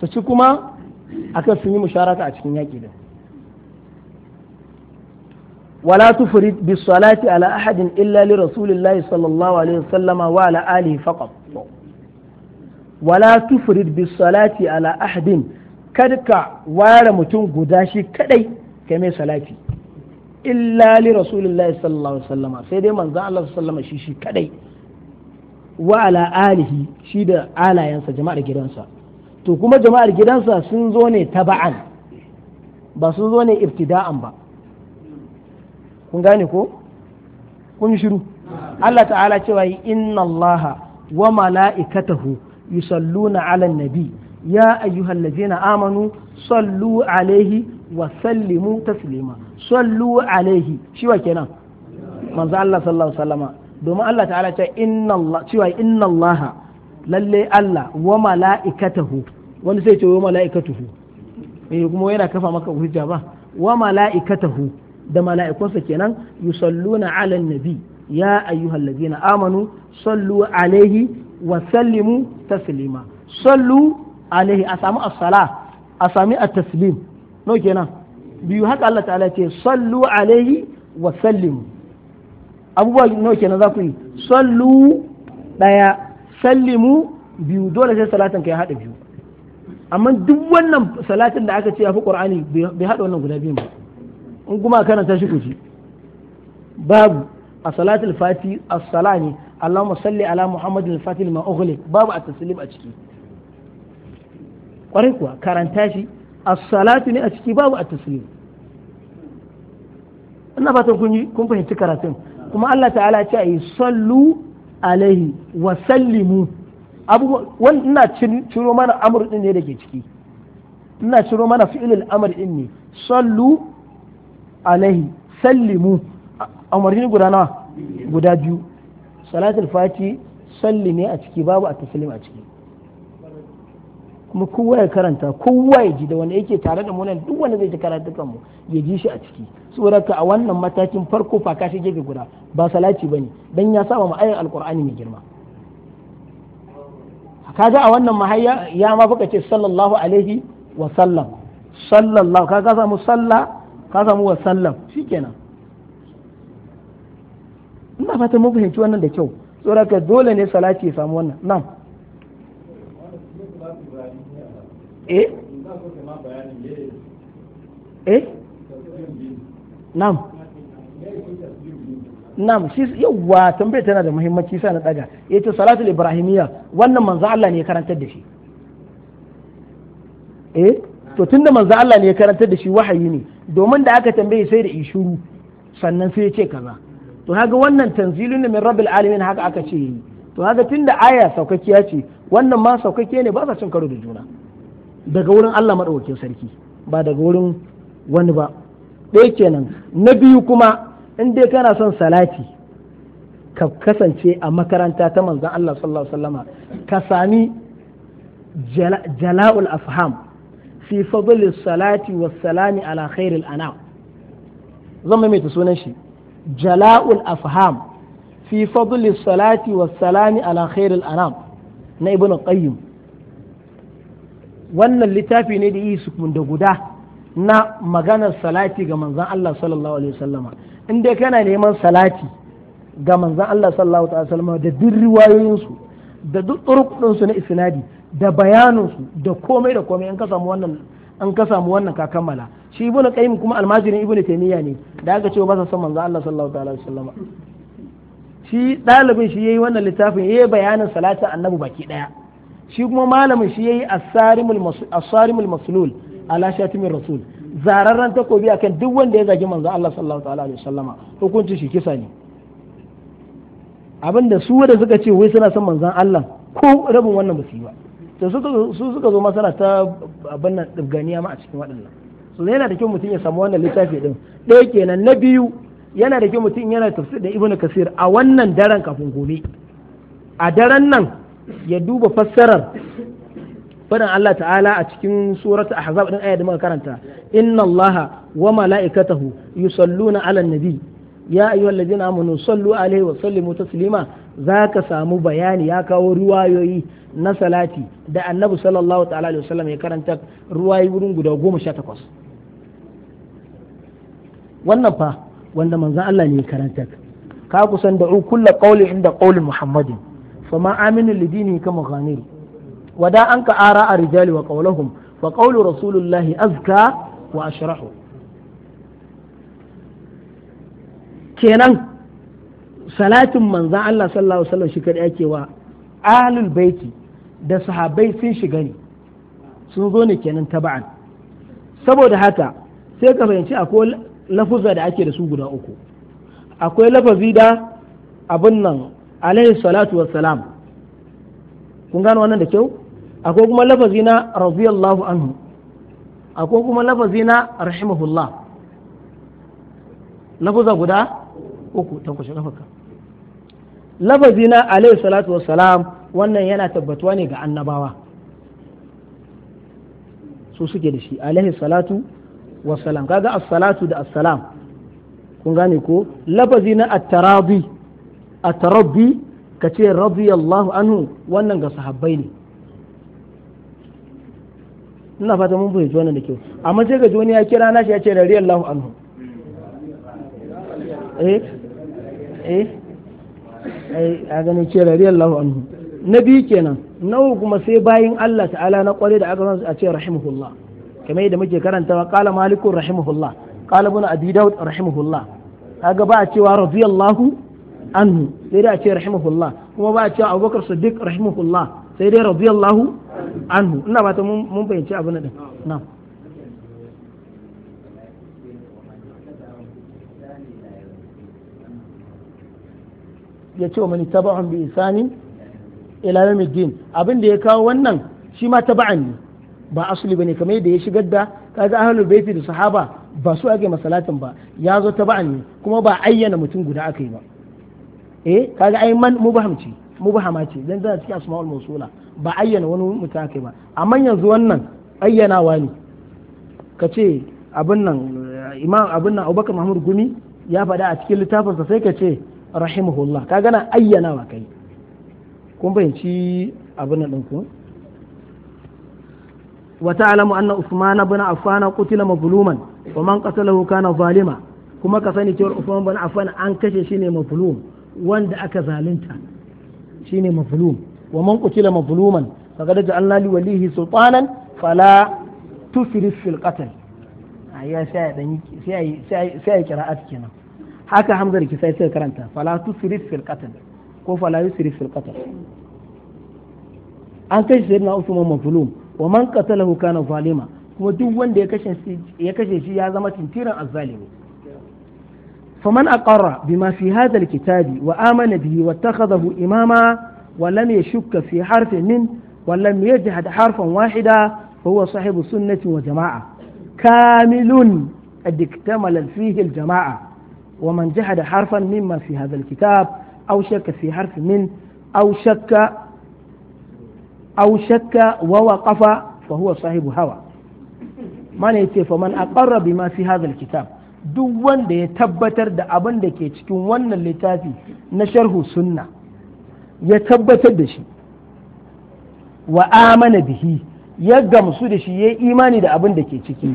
A: su ci kuma akan sun yi musharaka a cikin yaƙi din ولا salati ala ahadin illa li rasulillah sallallahu alaihi الله wa ala alihi faqat wala tufrid تفرد salati ala ahadin. kada ka ware mutum guda shi kadai ka mai salati illa li rasulullahi sallallahu alaihi wasallama sai dai manzo Allah sallallahu shi shi kadai wa ala alihi shi da alayansa jama'ar gidansa to kuma jama'ar gidansa sun zo ne taba'an ba sun zo ne ibtida'an ba kun gane ko kun shiru Allah ta'ala cewa inna Allah wa mala'ikatahu yusalluna ala nabi ya ayyuhal ladzina amanu sallu alaihi wa sallimu taslima sallu alaihi shi wa kenan manzo Allah sallallahu alaihi wasallama domin Allah ta'ala ta inna Allah cewa inna Allah lalle Allah wa mala'ikatahu wani sai ce wa mala'ikatuhu kuma yana kafa maka hujjaba wa mala'ikatahu da mala'ikunsa kenan yusalluna ala nabi ya ayyuhal ladzina amanu sallu alaihi wa sallimu taslima sallu alaihi a samu as a sami at-taslim no kenan biyu haka Allah ta'ala ce sallu alaihi wa sallim abubuwa no kenan za ku yi sallu daya sallimu biyu dole sai salatin ka ya hada biyu amma duk wannan salatin da aka ce ya fi qur'ani bai hada wannan guda biyu ba in kuma karanta shi ku babu a salatul fati as ne Allahumma salli ala Muhammadin al-fatih ma ughliq babu at-taslim a ciki kwarai kuwa karanta shi a salatu ne a ciki babu a taslim ina fatan kun yi kun fahimci karatun kuma Allah ta'ala ce ayi sallu alaihi wa sallimu abu ina ciro mana amr din ne dake ciki ina ciro mana fi'ilul amr din ne sallu alaihi sallimu amarin guda nawa guda biyu salatul fati salli ne a ciki babu a taslim a ciki kuma kowa ya karanta kowa ya ji da wanda yake tare da munan duk wanda zai ji karatukan mu ya ji shi a ciki saboda a wannan matakin farko fa kashi gefe guda ba salati bane dan ya saba mu ayin alqur'ani mai girma kaga a wannan mahayya ya ma fuka ce sallallahu alaihi wa sallam sallallahu kaga samu salla ka samu wa sallam shikenan ina fata mun fahimci wannan da kyau saboda dole ne salati ya samu wannan nan Eh? eh nam nam shi yawa tambayar tana da muhimmanci sa na daga yace eh, salatul ibrahimiyya wannan manzo Allah ne ya karantar da shi eh to tunda manzo Allah ne ya karantar da shi wahayi ne domin da aka tambaye sai da ishuru sannan sai ya ce kaza to haka wannan tanzilun min rabbil alamin haka aka ce to haka tunda aya saukakkiya ce wannan ma saukakkiya ne ba sa cin karo da juna daga wurin Allah maɗaukakin sarki ba daga wurin wani ba ɗaya kenan na biyu kuma in dai kana son salati ka kasance a makaranta ta manzan Allah sallallahu alaihi wasallama ka sami jala'ul afham fi fadli salati was salami ala khairil anam zan maimaita sunan shi jala'ul afham fi fadli salati was salami ala khairil anam na ibnu qayyim wannan littafi ne da yi sukun da guda na maganar salati ga manzan Allah sallallahu alaihi wasallama in dai kana neman salati ga manzan Allah sallallahu alaihi wasallama da duk riwayoyinsu da duk turkudinsu na isnadi da bayanunsu da komai da komai in ka samu wannan an ka samu wannan ka kammala shi ibnu qayyim kuma almajirin ibnu taymiya ne da aka ce ba sa son manzan Allah sallallahu alaihi wasallam shi dalibin shi yayi wannan littafin yayi bayanin salati annabi baki daya shi kuma malamin shi yayi as-sarimul maslul ala shatimin rasul zararran takobi akan duk wanda ya zagi manzo Allah sallallahu ta'ala alaihi wasallama hukuncin shi kisa ne abinda su da suka ce wai suna son manzon Allah ko rabin wannan ba su yi ba to su suka zo masana ta abin nan dubganiya ma a cikin waɗannan so yana da kyau mutum ya samu wannan littafi din ɗaya kenan na biyu yana da kyau mutum yana tafsir da ibnu kasir a wannan daren kafin gobe a daren nan ya duba fassarar faɗin Allah ta'ala a cikin suratul ahzab din ayat da muka karanta inna Allaha wa mala'ikatahu yusalluna ala nabi ya ladina amanu sallu alaihi wa sallimu taslima zaka samu bayani ya kawo riwayoyi na salati da annabi sallallahu ta'ala alaihi wasallam ya karanta ruwayi wurin guda goma sha takwas wannan fa wanda manzon Allah ne ya karanta ka kusan da'u kullu qawli inda qawli muhammadin فما آمن لدينه كمغانر ودا أنك آراء الرجال وقولهم وقول رسول azka wa وأشرح kenan salatin manzan Allah sallallahu alaihi wasallam shi kadai ake wa ahlul baiti da sahabbai sun shiga ne sun zo ne kenan taba'an saboda haka sai ka fahimci akwai lafuzza da ake da su guda uku akwai lafazi da abin nan alaihi salatu salam kun gano wannan da kyau akwai kuma lafazi na radiyallahu anhu akwai kuma lafazi na rahimahullah lafaza guda uku tankwashe kafaka lafazi na alaihi salatu salam wannan yana tabbatuwa ne ga annabawa su suke da shi alaihi salatu salam kaga as-salatu da as-salam kun gane ko lafazi na at-taradi a tarabbi ka ce radiyallahu anhu wannan ga sahabbai ne ina fata mun fahimci wannan da kyau amma sai ga wani ya kira nashi ya ce radiyallahu anhu eh eh ai eh, a ganin ce radiyallahu anhu na biyu kenan nawa kuma sai bayin Allah ta'ala na kware da aka san a ce rahimahullah kamar yadda muke wa qala malikur rahimahullah qala ibn abi daud rahimahullah kaga ba a cewa radiyallahu anhu sai dai a ce rahimahullah kuma ba a ce abubakar sadiq rahimahullah sai dai radiyallahu anhu ina ba ta mun fahimci abin din na'am ya ce wa mani taba'un bi isanin ila yawmiddin abin da ya kawo wannan shi ma taba'an ne ba asali bane kamar yadda ya shigar da kaga ahlul baiti da sahaba ba su ake masalatin ba ya zo taba'an ne kuma ba ayyana mutum guda aka yi ba eh kaga ai man mubham ce mubhama ce dan tana cikin asma'ul mawsula ba ayyana wani mutaka ba amma yanzu wannan ayyanawa ne ka ce abin nan imam abin nan Abubakar Mahmud Gumi ya faɗa a cikin littafinsa sai ka ce rahimahullah ka gana ayyanawa kai kun fahimci abin nan ku wa ta'lamu anna Usman ibn Affan qutila mazluman wa man qatalahu kana zalima kuma ka sani cewa Usman ibn Affan an kashe shi ne mazlum wanda aka zalunta shine mafulum wa man kucila mafuluman faqad ja'alna li walihi sultanan fala tufris fil qatl ayya sai dan sai sai sai qira'at kenan haka hamzar ki sai sai karanta fala tufris fil qatl ko fala yusrif fil qatl an kai na usman mafulum wa man qatalahu kana zalima kuma duk wanda ya kashe shi ya zama tintiran azzalimi فمن أقر بما في هذا الكتاب وآمن به واتخذه إماما ولم يشك في حرف منه ولم يجحد حرفا واحدا فهو صاحب سنة وجماعة كامل قد اكتمل فيه الجماعة ومن جحد حرفا مما في هذا الكتاب أو شك في حرف منه أو شك أو شك ووقف فهو صاحب هوى من نيتي فمن أقر بما في هذا الكتاب duk wanda ya tabbatar da abin da ke cikin wannan littafi na sharhu sunna ya tabbatar da shi wa amana bihi ya gamsu da shi ya yi imani da abin da ke ciki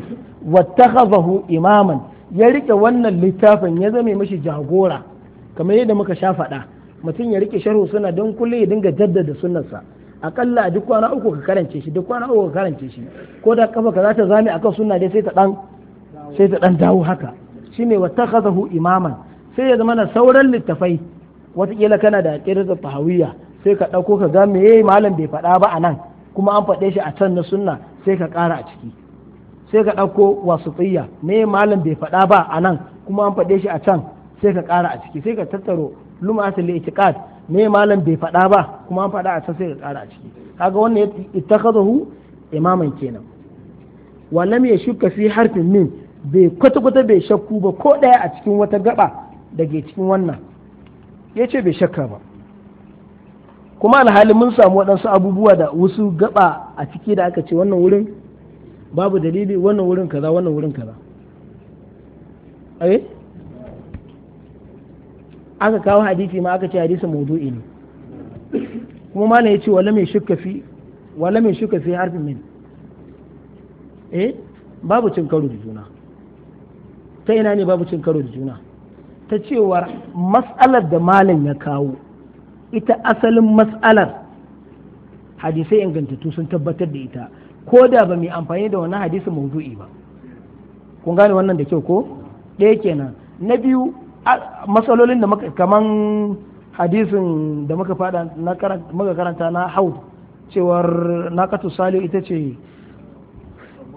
A: wattakhadhahu imaman ya rike wannan littafin ya zame mashi jagora kamar yadda muka sha faɗa mutum ya rike sharhu sunna don kullum ya dinga jaddada sunnarsa akalla a duk kwana uku ka karance shi duk kwana uku ka karance shi ko da kafa ka za ta zame akan sunna dai sai ta dan sai ta dan dawo haka shine wattakhadahu imaman sai ya zama na sauran littafai watakila kana da aqidatul tahawiyya sai ka ɗauko ka ga meye malam bai faɗa ba a nan kuma an faɗe shi a can na sunna sai ka ƙara a ciki sai ka ɗauko wasutiyya meye malam bai faɗa ba a nan kuma an faɗe shi a can sai ka ƙara a ciki sai ka tattaro lumatul itiqad meye malam bai faɗa ba kuma an faɗa a can sai ka ƙara a ciki kaga wannan ittakhadahu imaman kenan wa lam yashukka fi harfin min bai kwata-kwata bai shakku ba ko ɗaya a cikin wata gaba daga cikin wannan ya ce bai shakka ba kuma alhali mun samu waɗansu abubuwa da wasu gaba a ciki da aka ce wannan wurin babu dalili wannan wurin kaza wannan wurin kaza Ayi. Eh? aka kawo hadisi ma aka ce hadisi maudu'i ne kuma malam ya ce wala mai shukka fi wala mai shukka fi harfin min eh babu cin karo da juna ta ina ne babu cin karo da juna ta cewar matsalar da malam ya kawo ita asalin matsalar hadisai ingantattu sun tabbatar da ita ko da ba mai amfani da wani hadisi mawdu'i ba kun gane wannan da kyau ko ɗaya kenan na biyu matsalolin da maka kaman hadisin da muka fada muka karanta na hau cewar katu salihu ita ce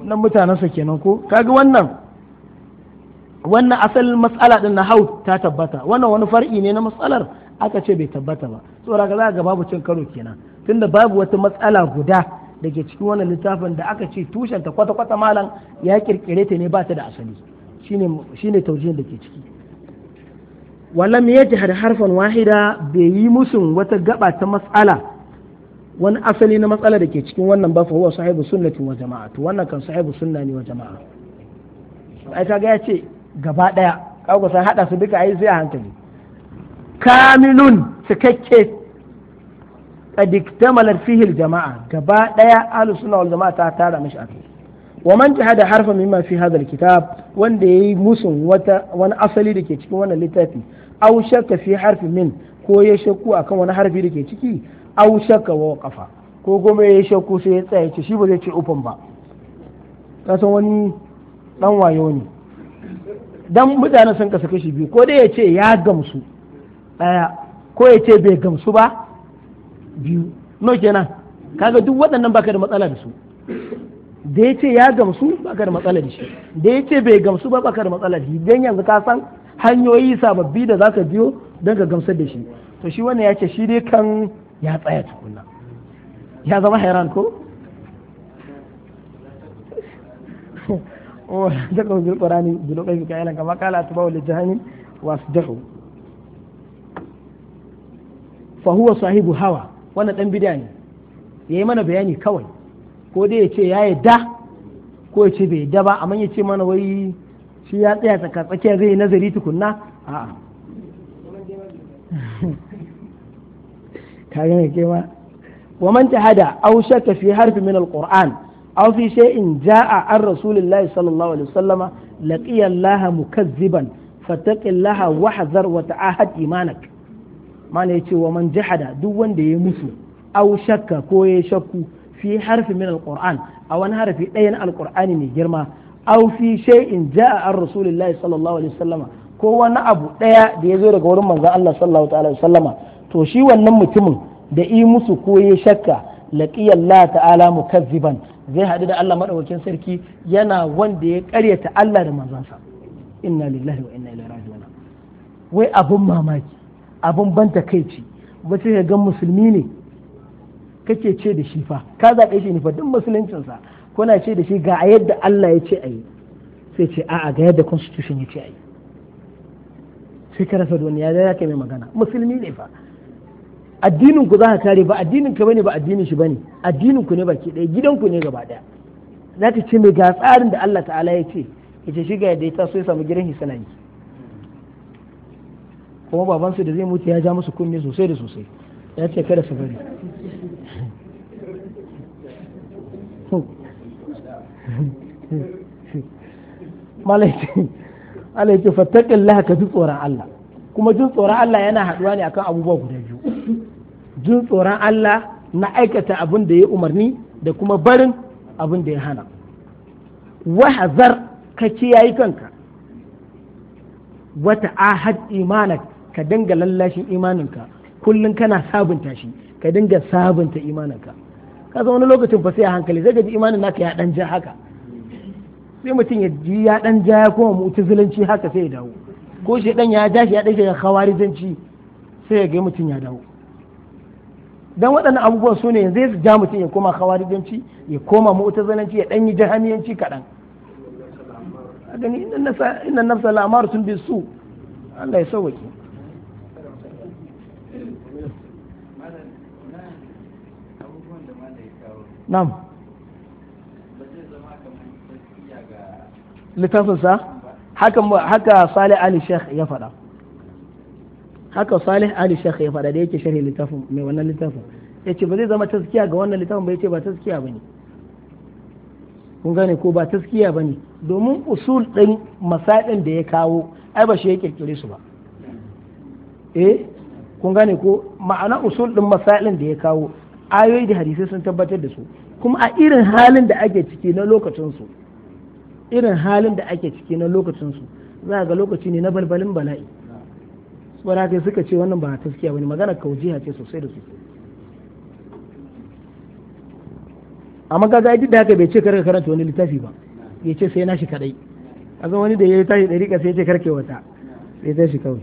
A: nan mutanensa kenan ko kaga wannan wannan asalin matsala din na hau ta tabbata wannan wani far'i ne na matsalar aka ce bai tabbata ba saboda ka za ga babu cin karo kenan tunda babu wata matsala guda da ke cikin wannan littafin da aka ce tushen ta kwata kwata malam ya kirkire ta ne ba ta da asali shine shine da ke ciki walam har harfan wahida bai yi musun wata gaba ta matsala wani asali na matsala da ke cikin wannan ba fa huwa sahibu sunnati wa jama'a to wannan kan sahibu sunna ne wa jama'a ai ga ya ce gaba ɗaya kawo sai haɗa su duka ayi sai a hankali kamilun cikakke diktamalar fihil jama'a gaba ɗaya ahlus suna wal jama'a ta tara mashi akai wa man jahada harfa mimma fi hadal kitab wanda yayi musun wata wani asali dake cikin wannan littafi aw shakka fi harfi min ko ya shakku akan wani harfi da ke ciki aw shakka wa qafa ko goma ya shakku sai ya tsaya ce shi ba zai ce ufan ba kasan wani dan wayo ne dan mutanen sun kasa kashi biyu ko dai ya ce ya gamsu ɗaya ko ya ce bai gamsu ba biyu no kenan kaga duk waɗannan baka da matsala da su da ya ce ya gamsu baka da matsala da shi da ya ce bai gamsu ba baka da matsala da shi dan yanzu ka san hanyoyi sababbi da zaka biyo don ka gamsar da shi to shi wannan ya ce shi dai kan ya tsaya tukuna ya zama hairan ko وذكروا بالقرآن ذنوبهم كعيلا كما قال أتباع لجهنم وأصدقوا فهو صاحب هوى wannan dan bida ne yayi mana bayani kawai ko dai ya ce ya ko ya ce bai da ba amma ya ce mana wai shi ya tsaya tsaka tsakiya zai nazari tukunna ka gane wa man tahada aw shakka fi harfi min alquran aw fi shay'in jaa an rasulillahi sallallahu alaihi wasallama laqiya Allah mukazziban fattaqillaha wahzar wa ta'ahad imanak mana yace wa jahada duk wanda ya musu aw shakka ko ya shakku fi harfi min alquran a wani harfi ɗayan alkur'ani mai girma aw fi shay'in jaa an rasulillahi sallallahu alaihi wasallama ko wani abu ɗaya da ya zo daga wurin maza Allah sallallahu ta'ala wasallama to shi wannan mutumin da i musu ko ya shakka laqiya Allah ta'ala mukazziban zai haɗu da Allah madaukakin sarki yana wanda ya ƙaryata Allah da manzansa inna lillahi wa inna ilaihi raji'un wai abun mamaki abun ban takeici wace ga gan musulmi ne kake ce da shi fa ka zaɓe shi ne fa duk musuluncinsa kuna ce da shi ga yadda Allah ya ce a yi sai ce a'a ga yadda constitution ya ce a yi sai ka rasa wani ya zai mai magana musulmi ne fa addinin ku za ka kare ba addinin ka bane ba addinin shi bane addinin ku ne baki ɗaya gidan ku ne gaba ɗaya za ta ce mai ga tsarin da Allah ta'ala ya ce ya ce shiga yadda ya so ya samu gidan hisana yi kuma su da zai mutu ya ja musu kunne sosai da sosai ya ce kada su bari malaikin fattakin laha ka ji tsoron Allah kuma jin tsoron Allah yana haɗuwa ne akan abubuwa guda biyu jin tsoron Allah na aikata abin da ya umarni da kuma barin abin da ya hana wahazar ka kiyaye kanka wata ahad imanak ka dinga lallashin imaninka kullum kana sabunta shi ka dinga sabunta imaninka ka wani lokacin fa sai a hankali zai gaji imanin naka ya dan ja haka sai mutum ya ji ya dan ja ya koma zulunci haka sai ya dawo ko shi dan ya ja shi ya dan shi ya khawarijanci sai ya ga mutum ya dawo dan waɗannan abubuwan su ne yanzu ya ja mutum ya koma khawarijanci ya koma mu'tazilanci ya ɗan yi jahamiyanci kaɗan gani inna nafsa la'amar sun bi su Allah ya sauwake Nam. littafinsa haka Sale Ali Sheikh ya faɗa haka salih ali shekh ya faɗa da yake sharhi littafin mai wannan littafin ya ce ba zai zama taskiya ga wannan littafin ba ya ce ba taskiya ba ne kun gane ko ba taskiya ba ne domin usul ɗin masaɗin da ya kawo ai ba shi ya ƙirƙiri su ba eh kun gane ko ma'ana usul ɗin masaɗin da ya kawo ayoyi da hadisai sun tabbatar da su kuma a irin halin da ake ciki na lokacinsu irin halin da ake ciki na lokacinsu za ga lokaci ne na balbalin bala'i saboda haka suka ce wannan ba taskiya bane magana kaujiya ce sosai da sosai amma kaga duk da haka bai ce karka karanta wani littafi ba ya ce sai nashi kadai kaga wani da ya tashi dariƙa sai ya ce karke wata sai ta shi kawai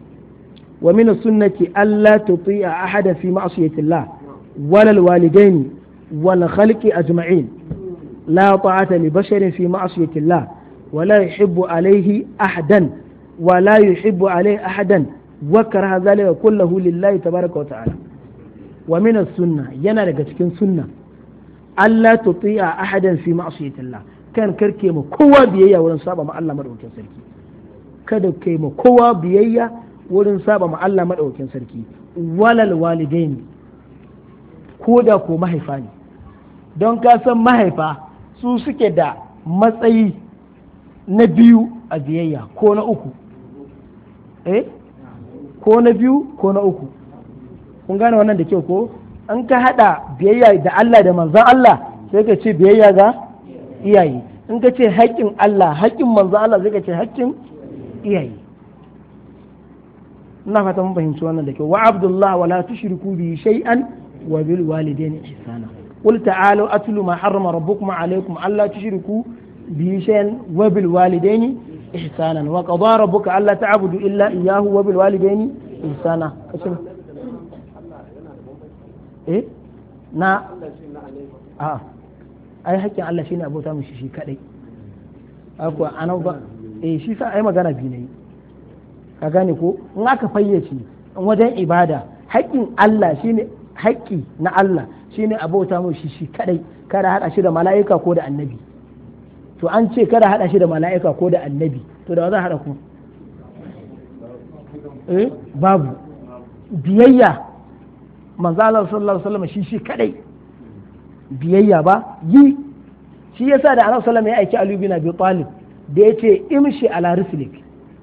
A: wa min sunnati alla tuti'a ahada fi ma'siyatillah wala alwalidaini wal khalqi ajma'in la ta'ata li basharin fi ma'siyatillah ولا يحب عليه أحدا ولا يحب عليه wa karaha zalika kullahu lillahi tabaraka wa ta'ala wa min sunna yana daga cikin sunna Allah tuti'a ahadan fi ma'siyatillah kan karke ma kowa biyayya wurin saba ma Allah madaukakin sarki kada kai ma kowa biyayya wurin saba ma Allah madaukakin sarki walal walidaini ko da ko mahaifa ne don ka san mahaifa su suke da matsayi na biyu a biyayya ko na uku ko na biyu ko na uku kun gane wannan da kyau ko an ka haɗa biyayya da Allah da manzan Allah sai ka ce biyayya ga iyaye in ka ce haƙƙin Allah haƙƙin manzan Allah sai ka ce haƙƙin iyaye ina fata mun fahimci wannan da kyau wa abdullah wa la tushriku bi shay'an wa bil walidayni ihsana qul ta'alu atlu ma harrama rabbukum Allah alla ku bi shai'an wa bil ihsanan wa qada rabbuka alla ta'budu illa iyyahu wa bil walidaini ihsana kashin eh na a ai hakkin Allah shine abota mishi shi kadai ako anan eh, shi sa ai magana bi ne ka gane ko in aka fayyace wajen ibada hakkin haƙƙi na Allah shine abota mishi shi kadai kada haɗa shi da mala'ika ko da annabi to an ce kada hada shi da mala'ika ko da annabi to da za hada ku eh babu biyayya manzo Allah sallallahu alaihi wasallam shi shi kadai biyayya ba yi shi yasa da Annabi sallallahu alaihi ya aiki Ali bin Abi Talib da yace imshi ala rislik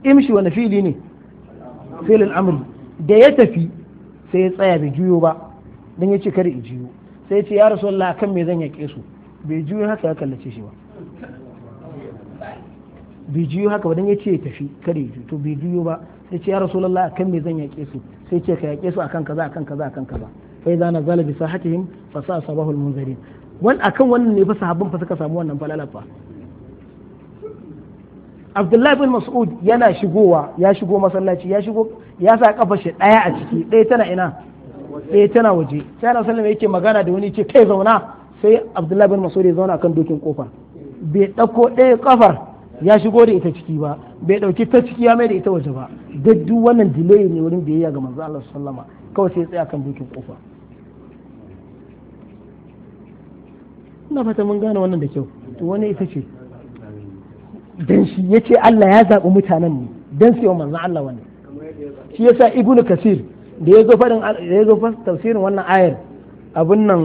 A: imshi wani fili ne filin amri da ya tafi sai ya tsaya bai juyo ba dan yace kada i juyo sai ya ce ya rasulullah kan me zan yake su bai juyo haka ya kallace shi ba bai jiyo haka ba dan ya ce ya tafi kare ju to bai jiyo ba sai ce ya lallai akan me zan yake su sai ce ka yaƙe su akan kaza akan kaza akan kaza fa idza nazala bi sahatihim fa sa sabahul munzirin wan akan wannan ne fa sahabban fa suka samu wannan falala fa Abdullahi bin Mas'ud yana shigowa ya shigo masallaci ya shigo ya sa kafa shi daya a ciki ɗaya tana ina ɗaya tana waje sai Annabi sallama yake magana da wani ce kai zauna sai Abdullahi bin Mas'ud ya zauna kan dokin kofa bai ɗauko ɗaya kafar ya shigo da ita ciki ba bai dauki ta ciki ya mai da ita waje ba duk duk wannan delay ne wurin biyayya ga manzo Allah sallama kawai sai ya tsaya kan dukin kofa ina fata mun gane wannan da kyau to wani ita ce dan shi yace Allah ya zabi mutanen ne dan sai manzo Allah wannan shi yasa ibnu kasir da yazo fadin da yazo fasirin wannan ayar abun nan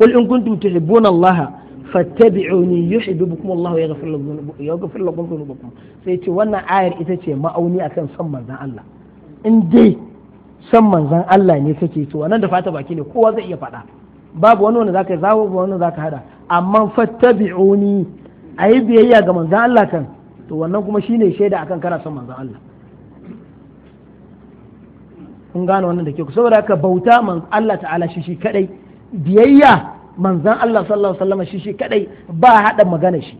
A: qul in kuntum tuhibbuna Allah fattabi'uni yuhibbukum Allah ya ghafir lakum yaghfir lakum dhunubakum sai ce wannan ayar ita ce ma'auni akan son manzan Allah in dai san manzan Allah ne kake to wannan da fata baki ne kowa zai iya faɗa babu wani wanda zaka zawo ba wani zaka hada amma fattabi'uni ayi biyayya ga manzan Allah kan to wannan kuma shine shaida akan kana san manzan Allah kun gano wannan da ke ku saboda haka bauta man Allah ta'ala shi shi kadai biyayya manzan Allah sallallahu alaihi wasallam shi shi kadai ba hada magana shi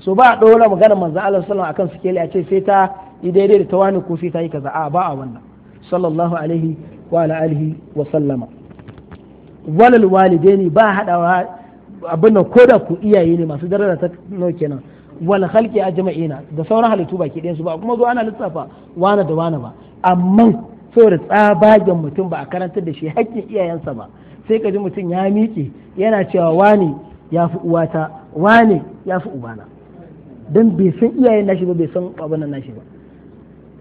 A: so ba dora magana manzan Allah sallallahu alaihi wasallam akan sikeli a ce sai ta yi daidai da tawani ko sai ta yi kaza a ba a wannan sallallahu alaihi wa ala alihi wa sallama walal walidaini ba hadawa abin nan koda ku iyaye ne masu daraja ta no kenan wal khalqi ajma'ina da sauran halittu baki ɗayan su ba kuma zo ana lissafa wani da wani ba amma saboda tsabagen mutum ba a karantar da shi haƙƙin iyayensa ba sai ka ji mutum ya miƙe yana cewa wane ya fi uwata wane ya fi ubana don bai san iyayen nashi ba bai san babanan nashi ba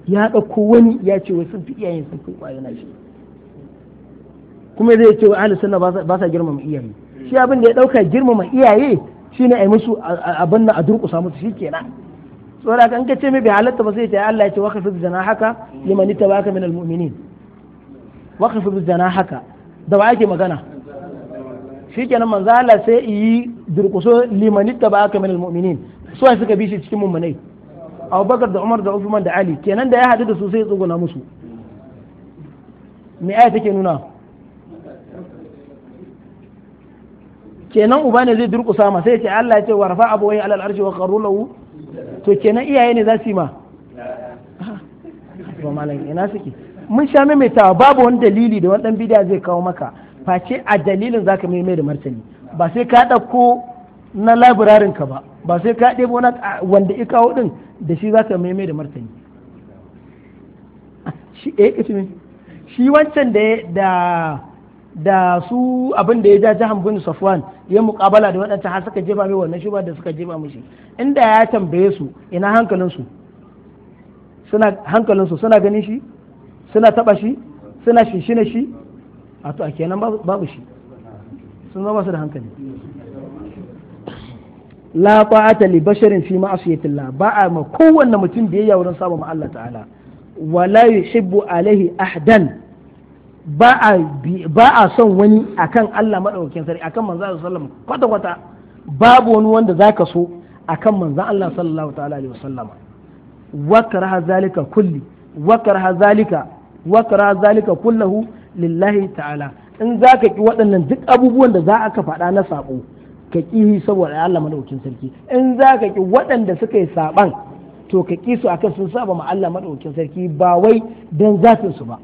A: ya ɗauko wani ya ce wai sun fi iyayen sun fi ƙwayo nashi kuma zai ce wa ahli sunna ba sa girmama iyaye shi abin da ya ɗauka girmama iyaye shine ai musu abin nan a durƙusa musu shikenan saboda kan ka ce mai bai halatta ba sai ta Allah ya ce fi zana haka liman tabaka min almu'minin fi zana haka da ba ake magana shikenan manzo Allah sai yi durkuso limanin da ba aka min almu'minin su suka bi shi cikin mummunai Abubakar da Umar da Uthman da Ali kenan da ya haɗu da su sai tsuguna musu me aya take nuna kenan uba ne zai durkusa ma sai ce Allah ya ce warfa abawai alal arshi wa qarru lau to kenan iyaye ne za su yi ma to malam ina suke mun sha maimaitawa babu wani dalili da wani dan zai kawo maka face a dalilin zaka mai da martani ba sai ka ɗauko na labirarin ka ba ba sai ka ɗebo na wanda ya kawo din da shi zaka mai da martani shi eh shi wancan da da da su abin da ya ja jahan bin safwan ya mukabala da waɗanda har suka jefa mai wannan shuba da suka jefa mishi inda ya tambaye su ina hankalinsu suna hankalinsu suna ganin shi suna taba shi suna shinshina shi a to a kenan babu shi sun zama su da hankali la ta'ata li basharin fi ma'asiyatillah ba a ma kowanne mutum da yayya wurin saba ma Allah ta'ala wa la yuhibbu alaihi ahdan ba a son wani akan Allah madaukakin sarki akan manzo Allah sallallahu alaihi kwata kwata babu wani wanda zaka so akan manzo Allah sallallahu ta'ala alaihi wasallama wa karaha zalika kulli wa karaha zalika wakara zalika kullahu lillahi ta'ala in za ka ki waɗannan duk abubuwan da za ka faɗa na saƙo ka ƙi saboda Allah maɗaukin sarki in za ka ki waɗanda suka yi saɓan to ka ƙi su akan sun saba ma Allah maɗaukin sarki ba wai don zafin su ba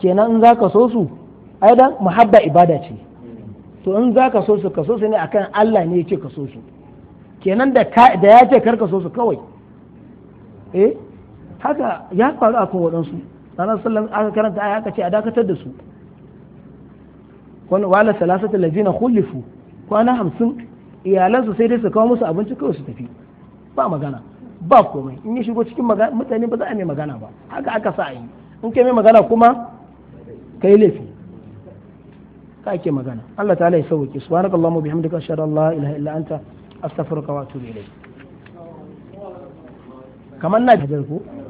A: kenan in za ka so su ai dan muhabba ibada ce to in za ka so su ka so su ne akan Allah ne ya ce ka so su kenan da ya ce kar ka so su kawai eh haka ya faru akan waɗansu sanar sallan aka karanta aya aka ce a dakatar da su wani wala salasata lazina khulifu kwana hamsin iyalansu sai dai su kawo musu abinci kawai su tafi ba magana ba komai in ya shigo cikin mutane ba za a mai magana ba haka aka sa yi in kai mai magana kuma kai laifi ka ake magana Allah ta'ala ya sauke subhanakallahumma bihamdika ashhadu an la ilaha illa anta astaghfiruka wa atubu ilayk kamar na hajar ko